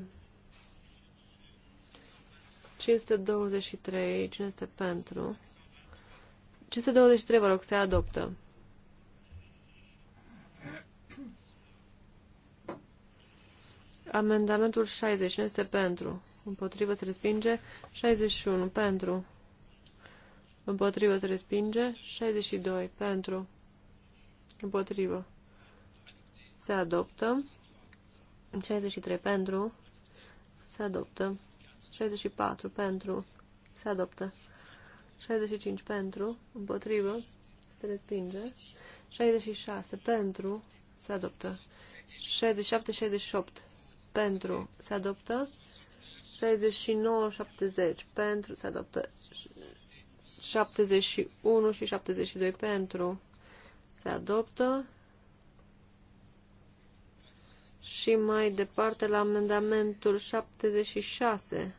523, cine este pentru? 523, vă rog, se adoptă. Amendamentul 60, cine este pentru? Împotrivă se respinge. 61, pentru. Împotrivă se respinge. 62, pentru. Împotrivă. Se adoptă. 63, pentru. Se adoptă. 64 pentru. Se adoptă. 65 pentru. Împotrivă. Se respinge. 66 pentru. Se adoptă. 67-68 pentru. Se adoptă. 69-70 pentru. Se adoptă. 71 și 72 pentru. Se adoptă. Și mai departe la amendamentul 76.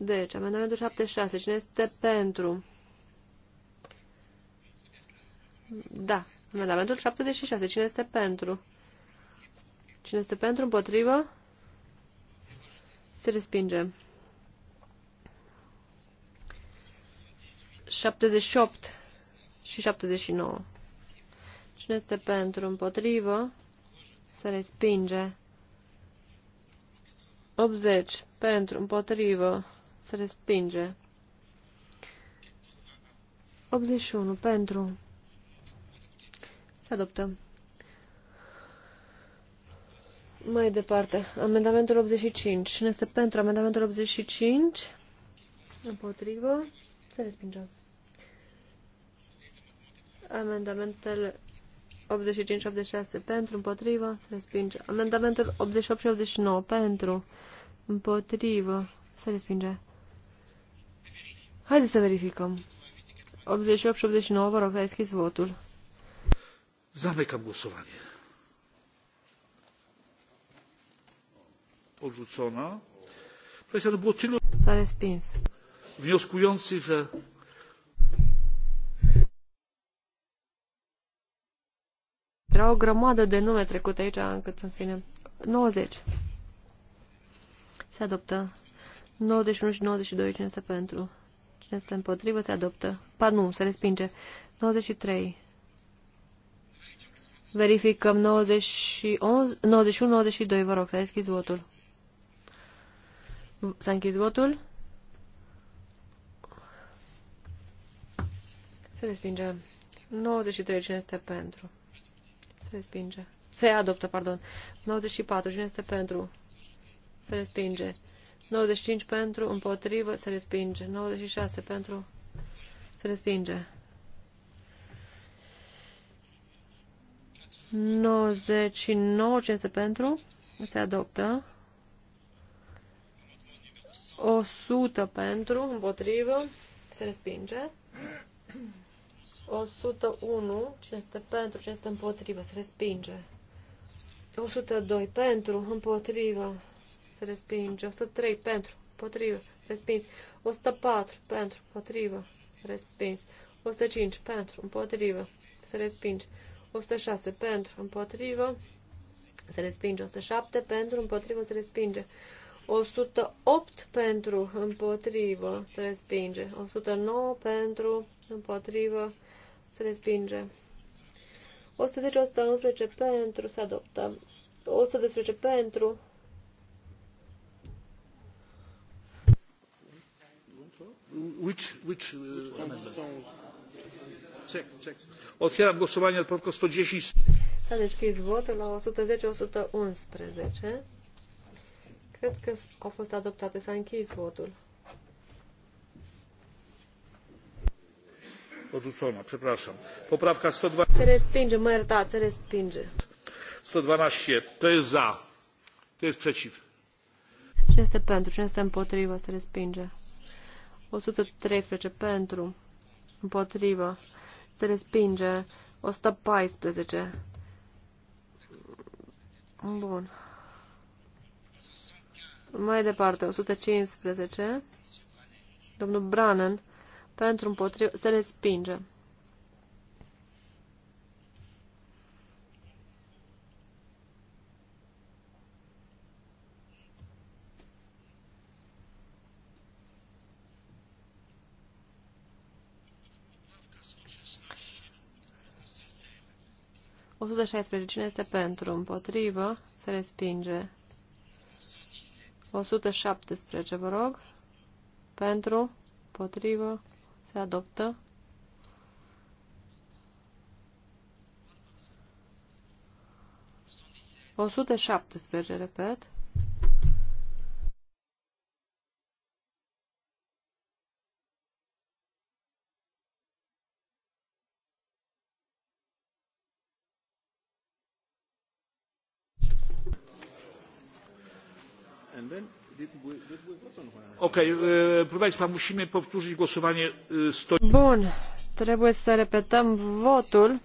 Deci, amendamentul 76. Cine este pentru? Da. Amendamentul 76. Cine este pentru? Cine este pentru? Împotrivă? Se respinge. 78 și 79. Cine este pentru? Împotrivă? Se respinge. 80. Pentru. Împotrivă. Se respinge. 81 pentru. Se adoptă. Mai departe, amendamentul 85. Cine este pentru amendamentul 85? Împotrivă. Se respinge. Amendamentele 85-86 pentru, împotrivă, se respinge. Amendamentul 88-89 pentru, împotrivă, se respinge. Haideți să verificăm. 88 89, vă rog, ai deschis votul. Zame Zamykam głosowanie. Odrzucona. Państwa, to było tylu wnioskujących, że Era o grămadă de nume trecute aici, încât în fine. 90. Se adoptă. 91 și 92, cine este pentru? Cine este împotrivă se adoptă. Pa nu, se respinge. 93. Verificăm 91-92, vă rog, s-a deschis votul. S-a închis votul. Se respinge. 93, cine este pentru? Se respinge. Se adoptă, pardon. 94, cine este pentru? Se respinge. 95 pentru, împotrivă, se respinge. 96 pentru, se respinge. 99, ce este pentru, se adoptă. 100 pentru, împotrivă, se respinge. 101, ce este pentru, ce este împotrivă, se respinge. 102 pentru, împotrivă, se respinge. 103 pentru, potrivă, respins. 104 pentru, potrivă, respins. 105 pentru, împotrivă, se respinge. 106 pentru, împotrivă, se respinge. 107 pentru, împotrivă, se respinge. 108 pentru, împotrivă, se respinge. 109 pentru, împotrivă, se respinge. 110-111 pentru, se adoptă. 110 pentru, Which, which uh, amendment? Check, check. Otwieram głosowanie nad poprawką 110. S-a deschis la 110-111. Cred că au fost adoptate. S-a închis votul. Odrzucona, przepraszam. Poprawka 112. Se respinge, mă iertați, se respinge. 112. To jest za. To jest przeciw. Cine este pentru, cine este împotrivă, se respinge. 113 pentru, împotrivă, se respinge, 114. Bun. Mai departe, 115. Domnul Brannen, pentru împotrivă, se respinge. 116. Cine este pentru? Împotrivă? Se respinge. 117, vă rog. Pentru? Împotrivă? Se adoptă. 117, repet. Bun, trebuie să repetăm votul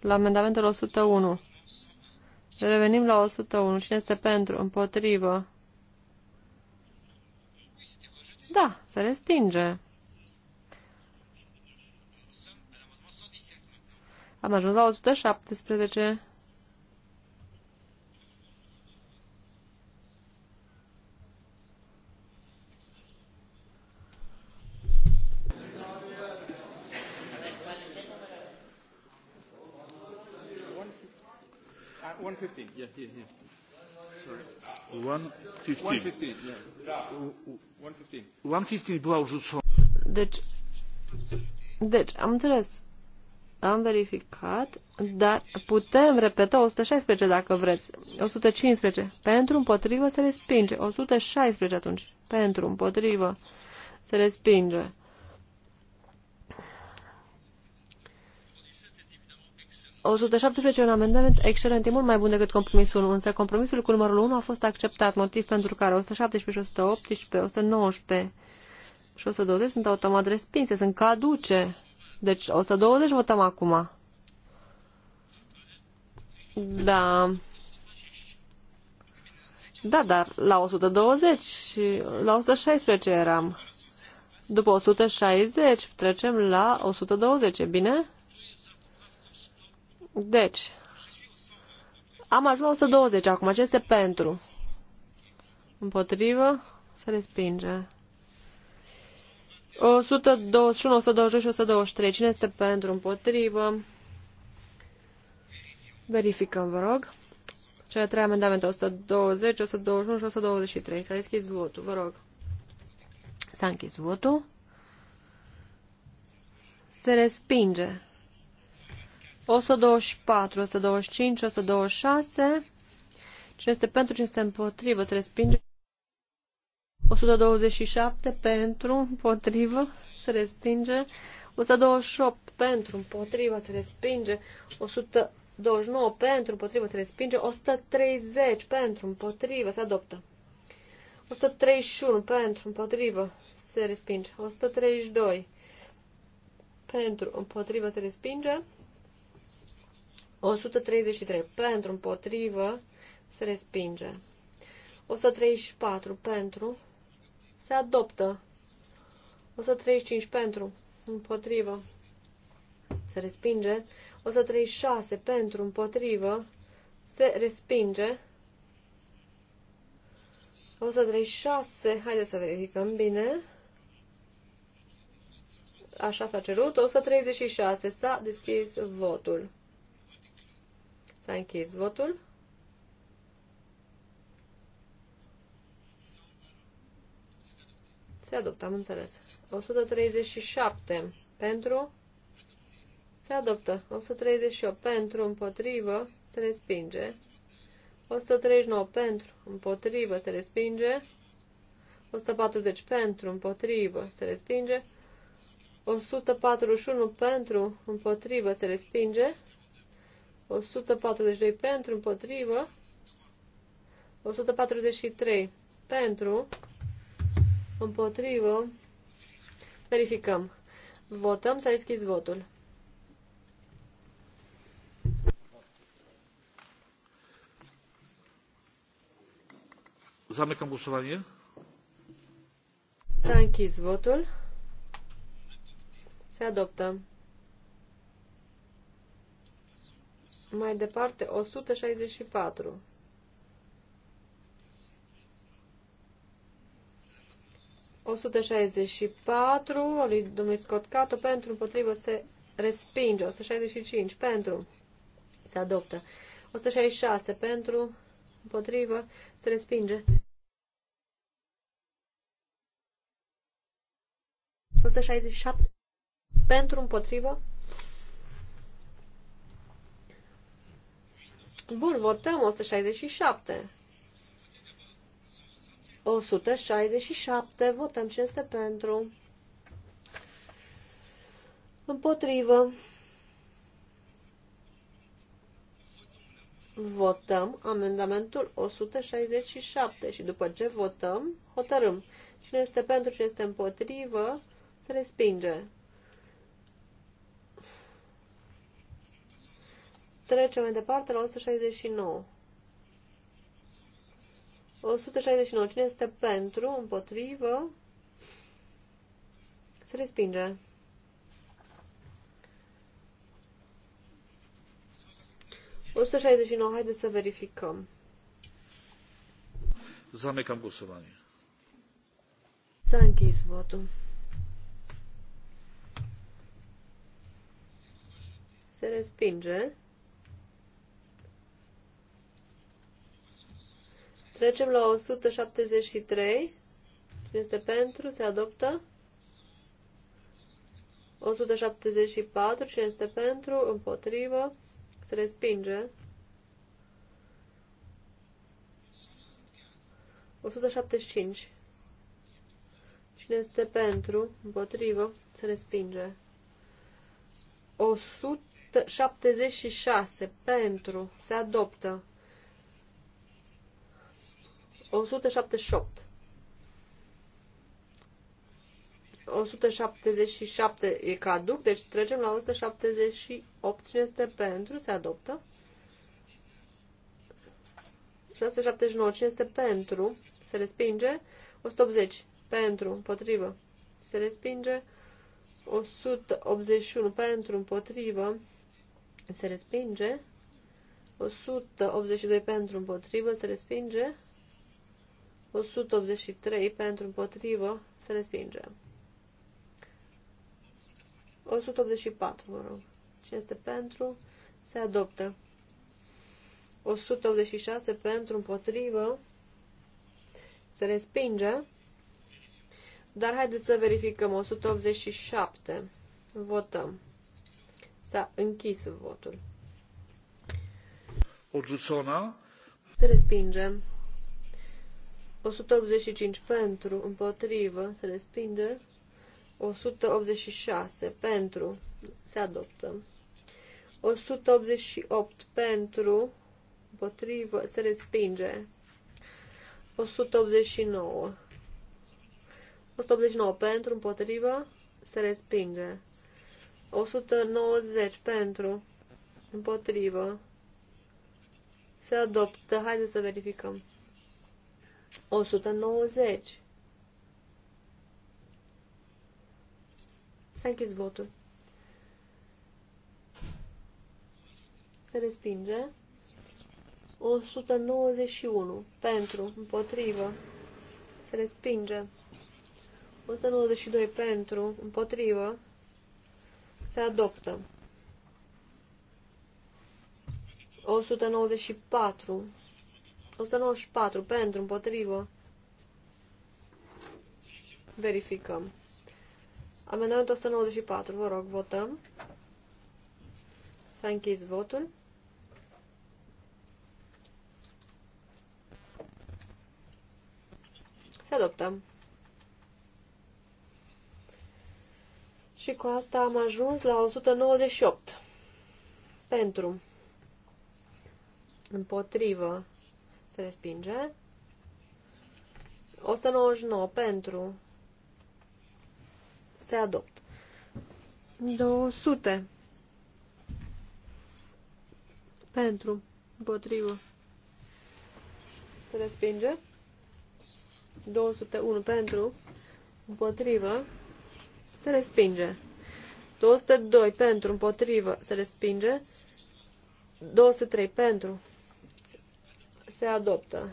la amendamentul 101. Revenim la 101. Cine este pentru? Împotrivă? Da, se respinge. Am ajuns la 117. 115 da. Da. Deci, deci, am înțeles. Am verificat, dar putem repeta 116 dacă vreți. 115. Pentru, împotrivă, se respinge. 116 atunci. Pentru, împotrivă, se respinge. 117 e un amendament excelent, e mult mai bun decât compromisul, însă compromisul cu numărul 1 a fost acceptat, motiv pentru care 117, 118, 119 și 120 sunt automat respinse, sunt caduce. Deci 120 votăm acum. Da. Da, dar la 120, la 116 eram. După 160 trecem la 120, e bine? Deci, am ajuns la 120 acum. Ce este pentru? Împotrivă? Se respinge. 121, 122 și 123. Cine este pentru? Împotrivă? Verificăm, vă rog. Cele trei amendamente, 120, 121 și 123. S-a deschis votul, vă rog. S-a închis votul. Se respinge. 124, 125, 126. Cine este pentru, cine este împotrivă, se respinge. 127 pentru, împotrivă, se respinge. 128 pentru, împotrivă, se respinge. 129 pentru, împotrivă, se respinge. 130 pentru, împotrivă, se adoptă. 131 pentru, împotrivă, se respinge. 132 pentru, împotrivă, se respinge. 133 pentru, împotrivă, se respinge. 134 pentru, se adoptă. 135 pentru, împotrivă, se respinge. 136 pentru, împotrivă, se respinge. 136, haideți să verificăm bine. Așa s-a cerut. 136 s-a deschis votul. S-a închis votul. Se adoptă, am înțeles. 137 pentru. Se adoptă. 138 pentru, împotrivă, se respinge. 139 pentru, împotrivă, se respinge. 140 pentru, împotrivă, se respinge. 141 pentru, împotrivă, se respinge. 142 pentru, împotrivă. 143 pentru, împotrivă. Verificăm. Votăm, s-a deschis votul. Zamykam głosowanie. S-a închis votul. Se adoptă. Mai departe, 164. O 164 al lui domnului Scott Cato pentru împotrivă se respinge. 165 pentru se adoptă. 166 pentru împotrivă se respinge. 167 pentru împotrivă Bun, votăm 167. 167. Votăm cine este pentru. Împotrivă. Votăm amendamentul 167 și după ce votăm, hotărâm. Cine este pentru, cine este împotrivă, se respinge. Trecem mai departe la 169. 169. Cine este pentru, împotrivă, se respinge. nouă. Haideți să verificăm. Zamecam gusovanie. S-a închis votul. Se respinge. Trecem la 173. Cine este pentru? Se adoptă. 174. Cine este pentru? Împotrivă. Se respinge. 175. Cine este pentru? Împotrivă. Se respinge. 176. Pentru. Se adoptă. 178. 177 e caduc, deci trecem la 178. Cine este pentru? Se adoptă. 679. Cine este pentru? Se respinge. 180. Pentru. Împotrivă. Se respinge. 181. Pentru. Împotrivă. Se respinge. 182 pentru împotrivă, se respinge. 183 pentru împotrivă se respinge. 184, mă rog. Cine este pentru? Se adoptă. 186 pentru împotrivă se respinge. Dar haideți să verificăm. 187. Votăm. S-a închis votul. Odrzucona. Se respinge. 185 pentru, împotrivă, se respinge. 186 pentru, se adoptă. 188 pentru, împotrivă, se respinge. 189. 189 pentru, împotrivă, se respinge. 190 pentru, împotrivă, se adoptă. Haideți să verificăm. 190. S-a închis votul. Se respinge. 191. Pentru. Împotrivă. Se respinge. 192. Pentru. Împotrivă. Se adoptă. 194. 194 pentru, împotrivă. Verificăm. Amendamentul 194, vă rog, votăm. S-a închis votul. Se adoptă. Și cu asta am ajuns la 198. Pentru. Împotrivă se respinge. 199 pentru, se adoptă. 200 pentru, împotrivă, se respinge. 201 pentru, împotrivă, se respinge. 202 pentru, împotrivă, se respinge. 203 pentru, se adoptă.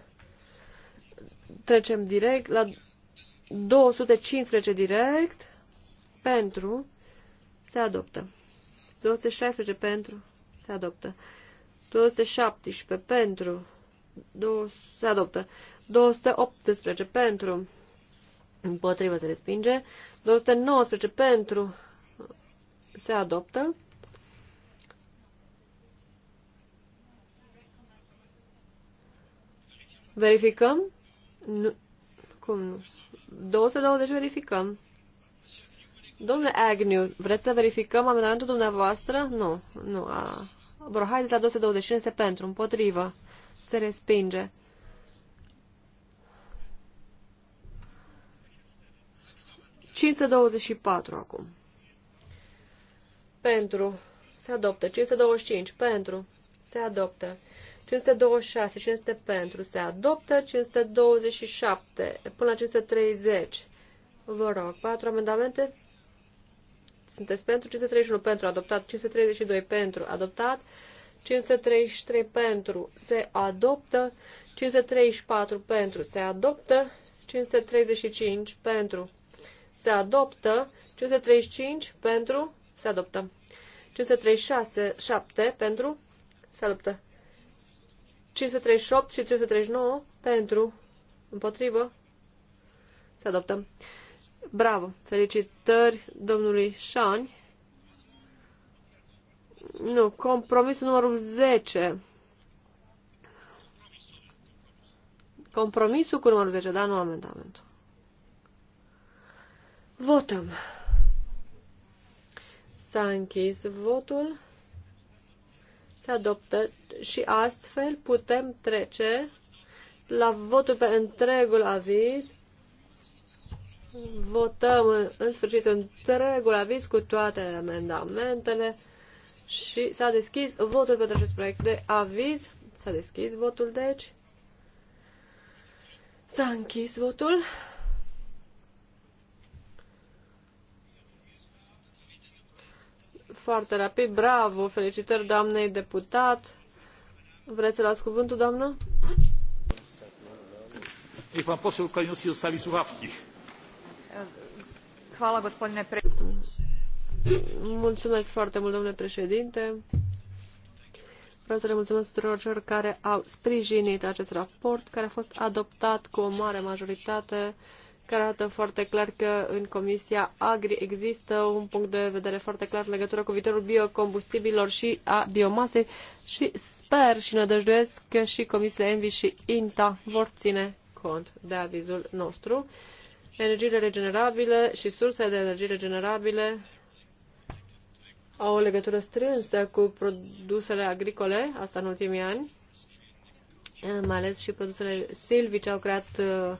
Trecem direct la 215 direct pentru se adoptă. 216 pentru se adoptă. 217 pentru 2, se adoptă. 218 pentru împotrivă se respinge. 219 pentru se adoptă. Verificăm? Nu. Cum nu? 220 verificăm. Domnule Agnew, vreți să verificăm amendamentul dumneavoastră? Nu, nu. A... Bro, haideți la 225, este pentru, împotrivă. Se respinge. patru acum. Pentru. Se adoptă. 525. Pentru. Se adoptă. 526, 500 pentru se adoptă, 527 până la 530. Vă rog, patru amendamente. Sunteți pentru 531 pentru adoptat, 532 pentru adoptat, 533 pentru se adoptă, 534 pentru se adoptă, 535 pentru se adoptă, 535 pentru se adoptă, 536 7 pentru se adoptă. 538 și 539 pentru, împotrivă, se adoptăm. Bravo! Felicitări domnului Șani. Nu, compromisul numărul 10. Compromisul cu numărul 10, da, nu amendamentul. Votăm. S-a închis votul se adoptă și astfel putem trece la votul pe întregul aviz. Votăm în sfârșit întregul aviz cu toate amendamentele și s-a deschis votul pentru acest proiect de aviz. S-a deschis votul, deci. S-a închis votul. foarte rapid. Bravo! Felicitări doamnei deputat. Vreți să luați cuvântul, doamnă? Mulțumesc foarte mult, domnule președinte. Vreau să le mulțumesc tuturor celor care au sprijinit acest raport, care a fost adoptat cu o mare majoritate care arată foarte clar că în Comisia Agri există un punct de vedere foarte clar în legătură cu viitorul biocombustibilor și a biomasei și sper și nădăjduiesc că și Comisia Envi și INTA vor ține cont de avizul nostru. Energiile regenerabile și sursele de energie regenerabile au o legătură strânsă cu produsele agricole, asta în ultimii ani, mai ales și produsele silvice au creat uh,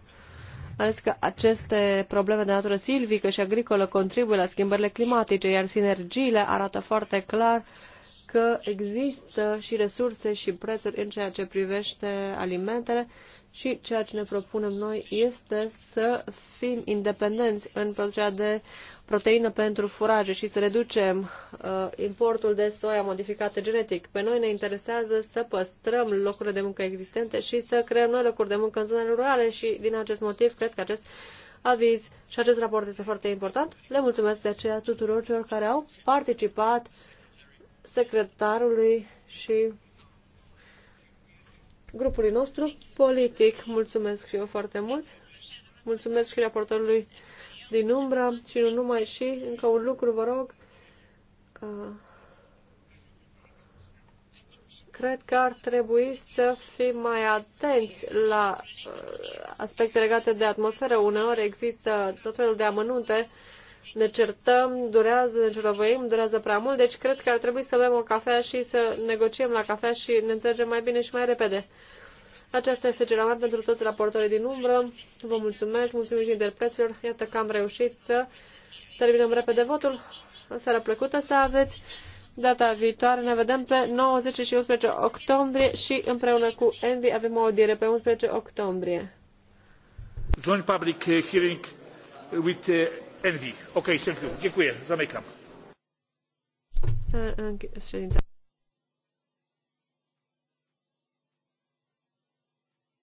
mai ales că aceste probleme de natură silvică și agricolă contribuie la schimbările climatice, iar sinergiile arată foarte clar că există și resurse și prețuri în ceea ce privește alimentele și ceea ce ne propunem noi este să fim independenți în producerea de proteină pentru furaje și să reducem uh, importul de soia modificată genetic. Pe noi ne interesează să păstrăm locurile de muncă existente și să creăm noi locuri de muncă în zonele rurale și din acest motiv cred că acest aviz și acest raport este foarte important. Le mulțumesc de aceea tuturor celor care au participat secretarului și grupului nostru politic. Mulțumesc și eu foarte mult. Mulțumesc și raportorului din umbra și nu numai și încă un lucru, vă rog. Cred că ar trebui să fim mai atenți la uh, aspecte legate de atmosferă. Uneori există tot felul de amănunte uh, ne certăm, durează, ne cerăvăim, durează prea mult, deci cred că ar trebui să bem o cafea și să negociem la cafea și ne înțelegem mai bine și mai repede. Aceasta este cel mai pentru toți raportorii din umbră. Vă mulțumesc, mulțumim și interpreților. Iată că am reușit să terminăm repede votul. O seara plăcută să aveți. Data viitoare ne vedem pe 90 și 11 octombrie și împreună cu Envy avem o audiere pe 11 octombrie. Joint public hearing with uh, Envy. Ok, thank you. Dziękuję. Zamykam. Să închid ședința.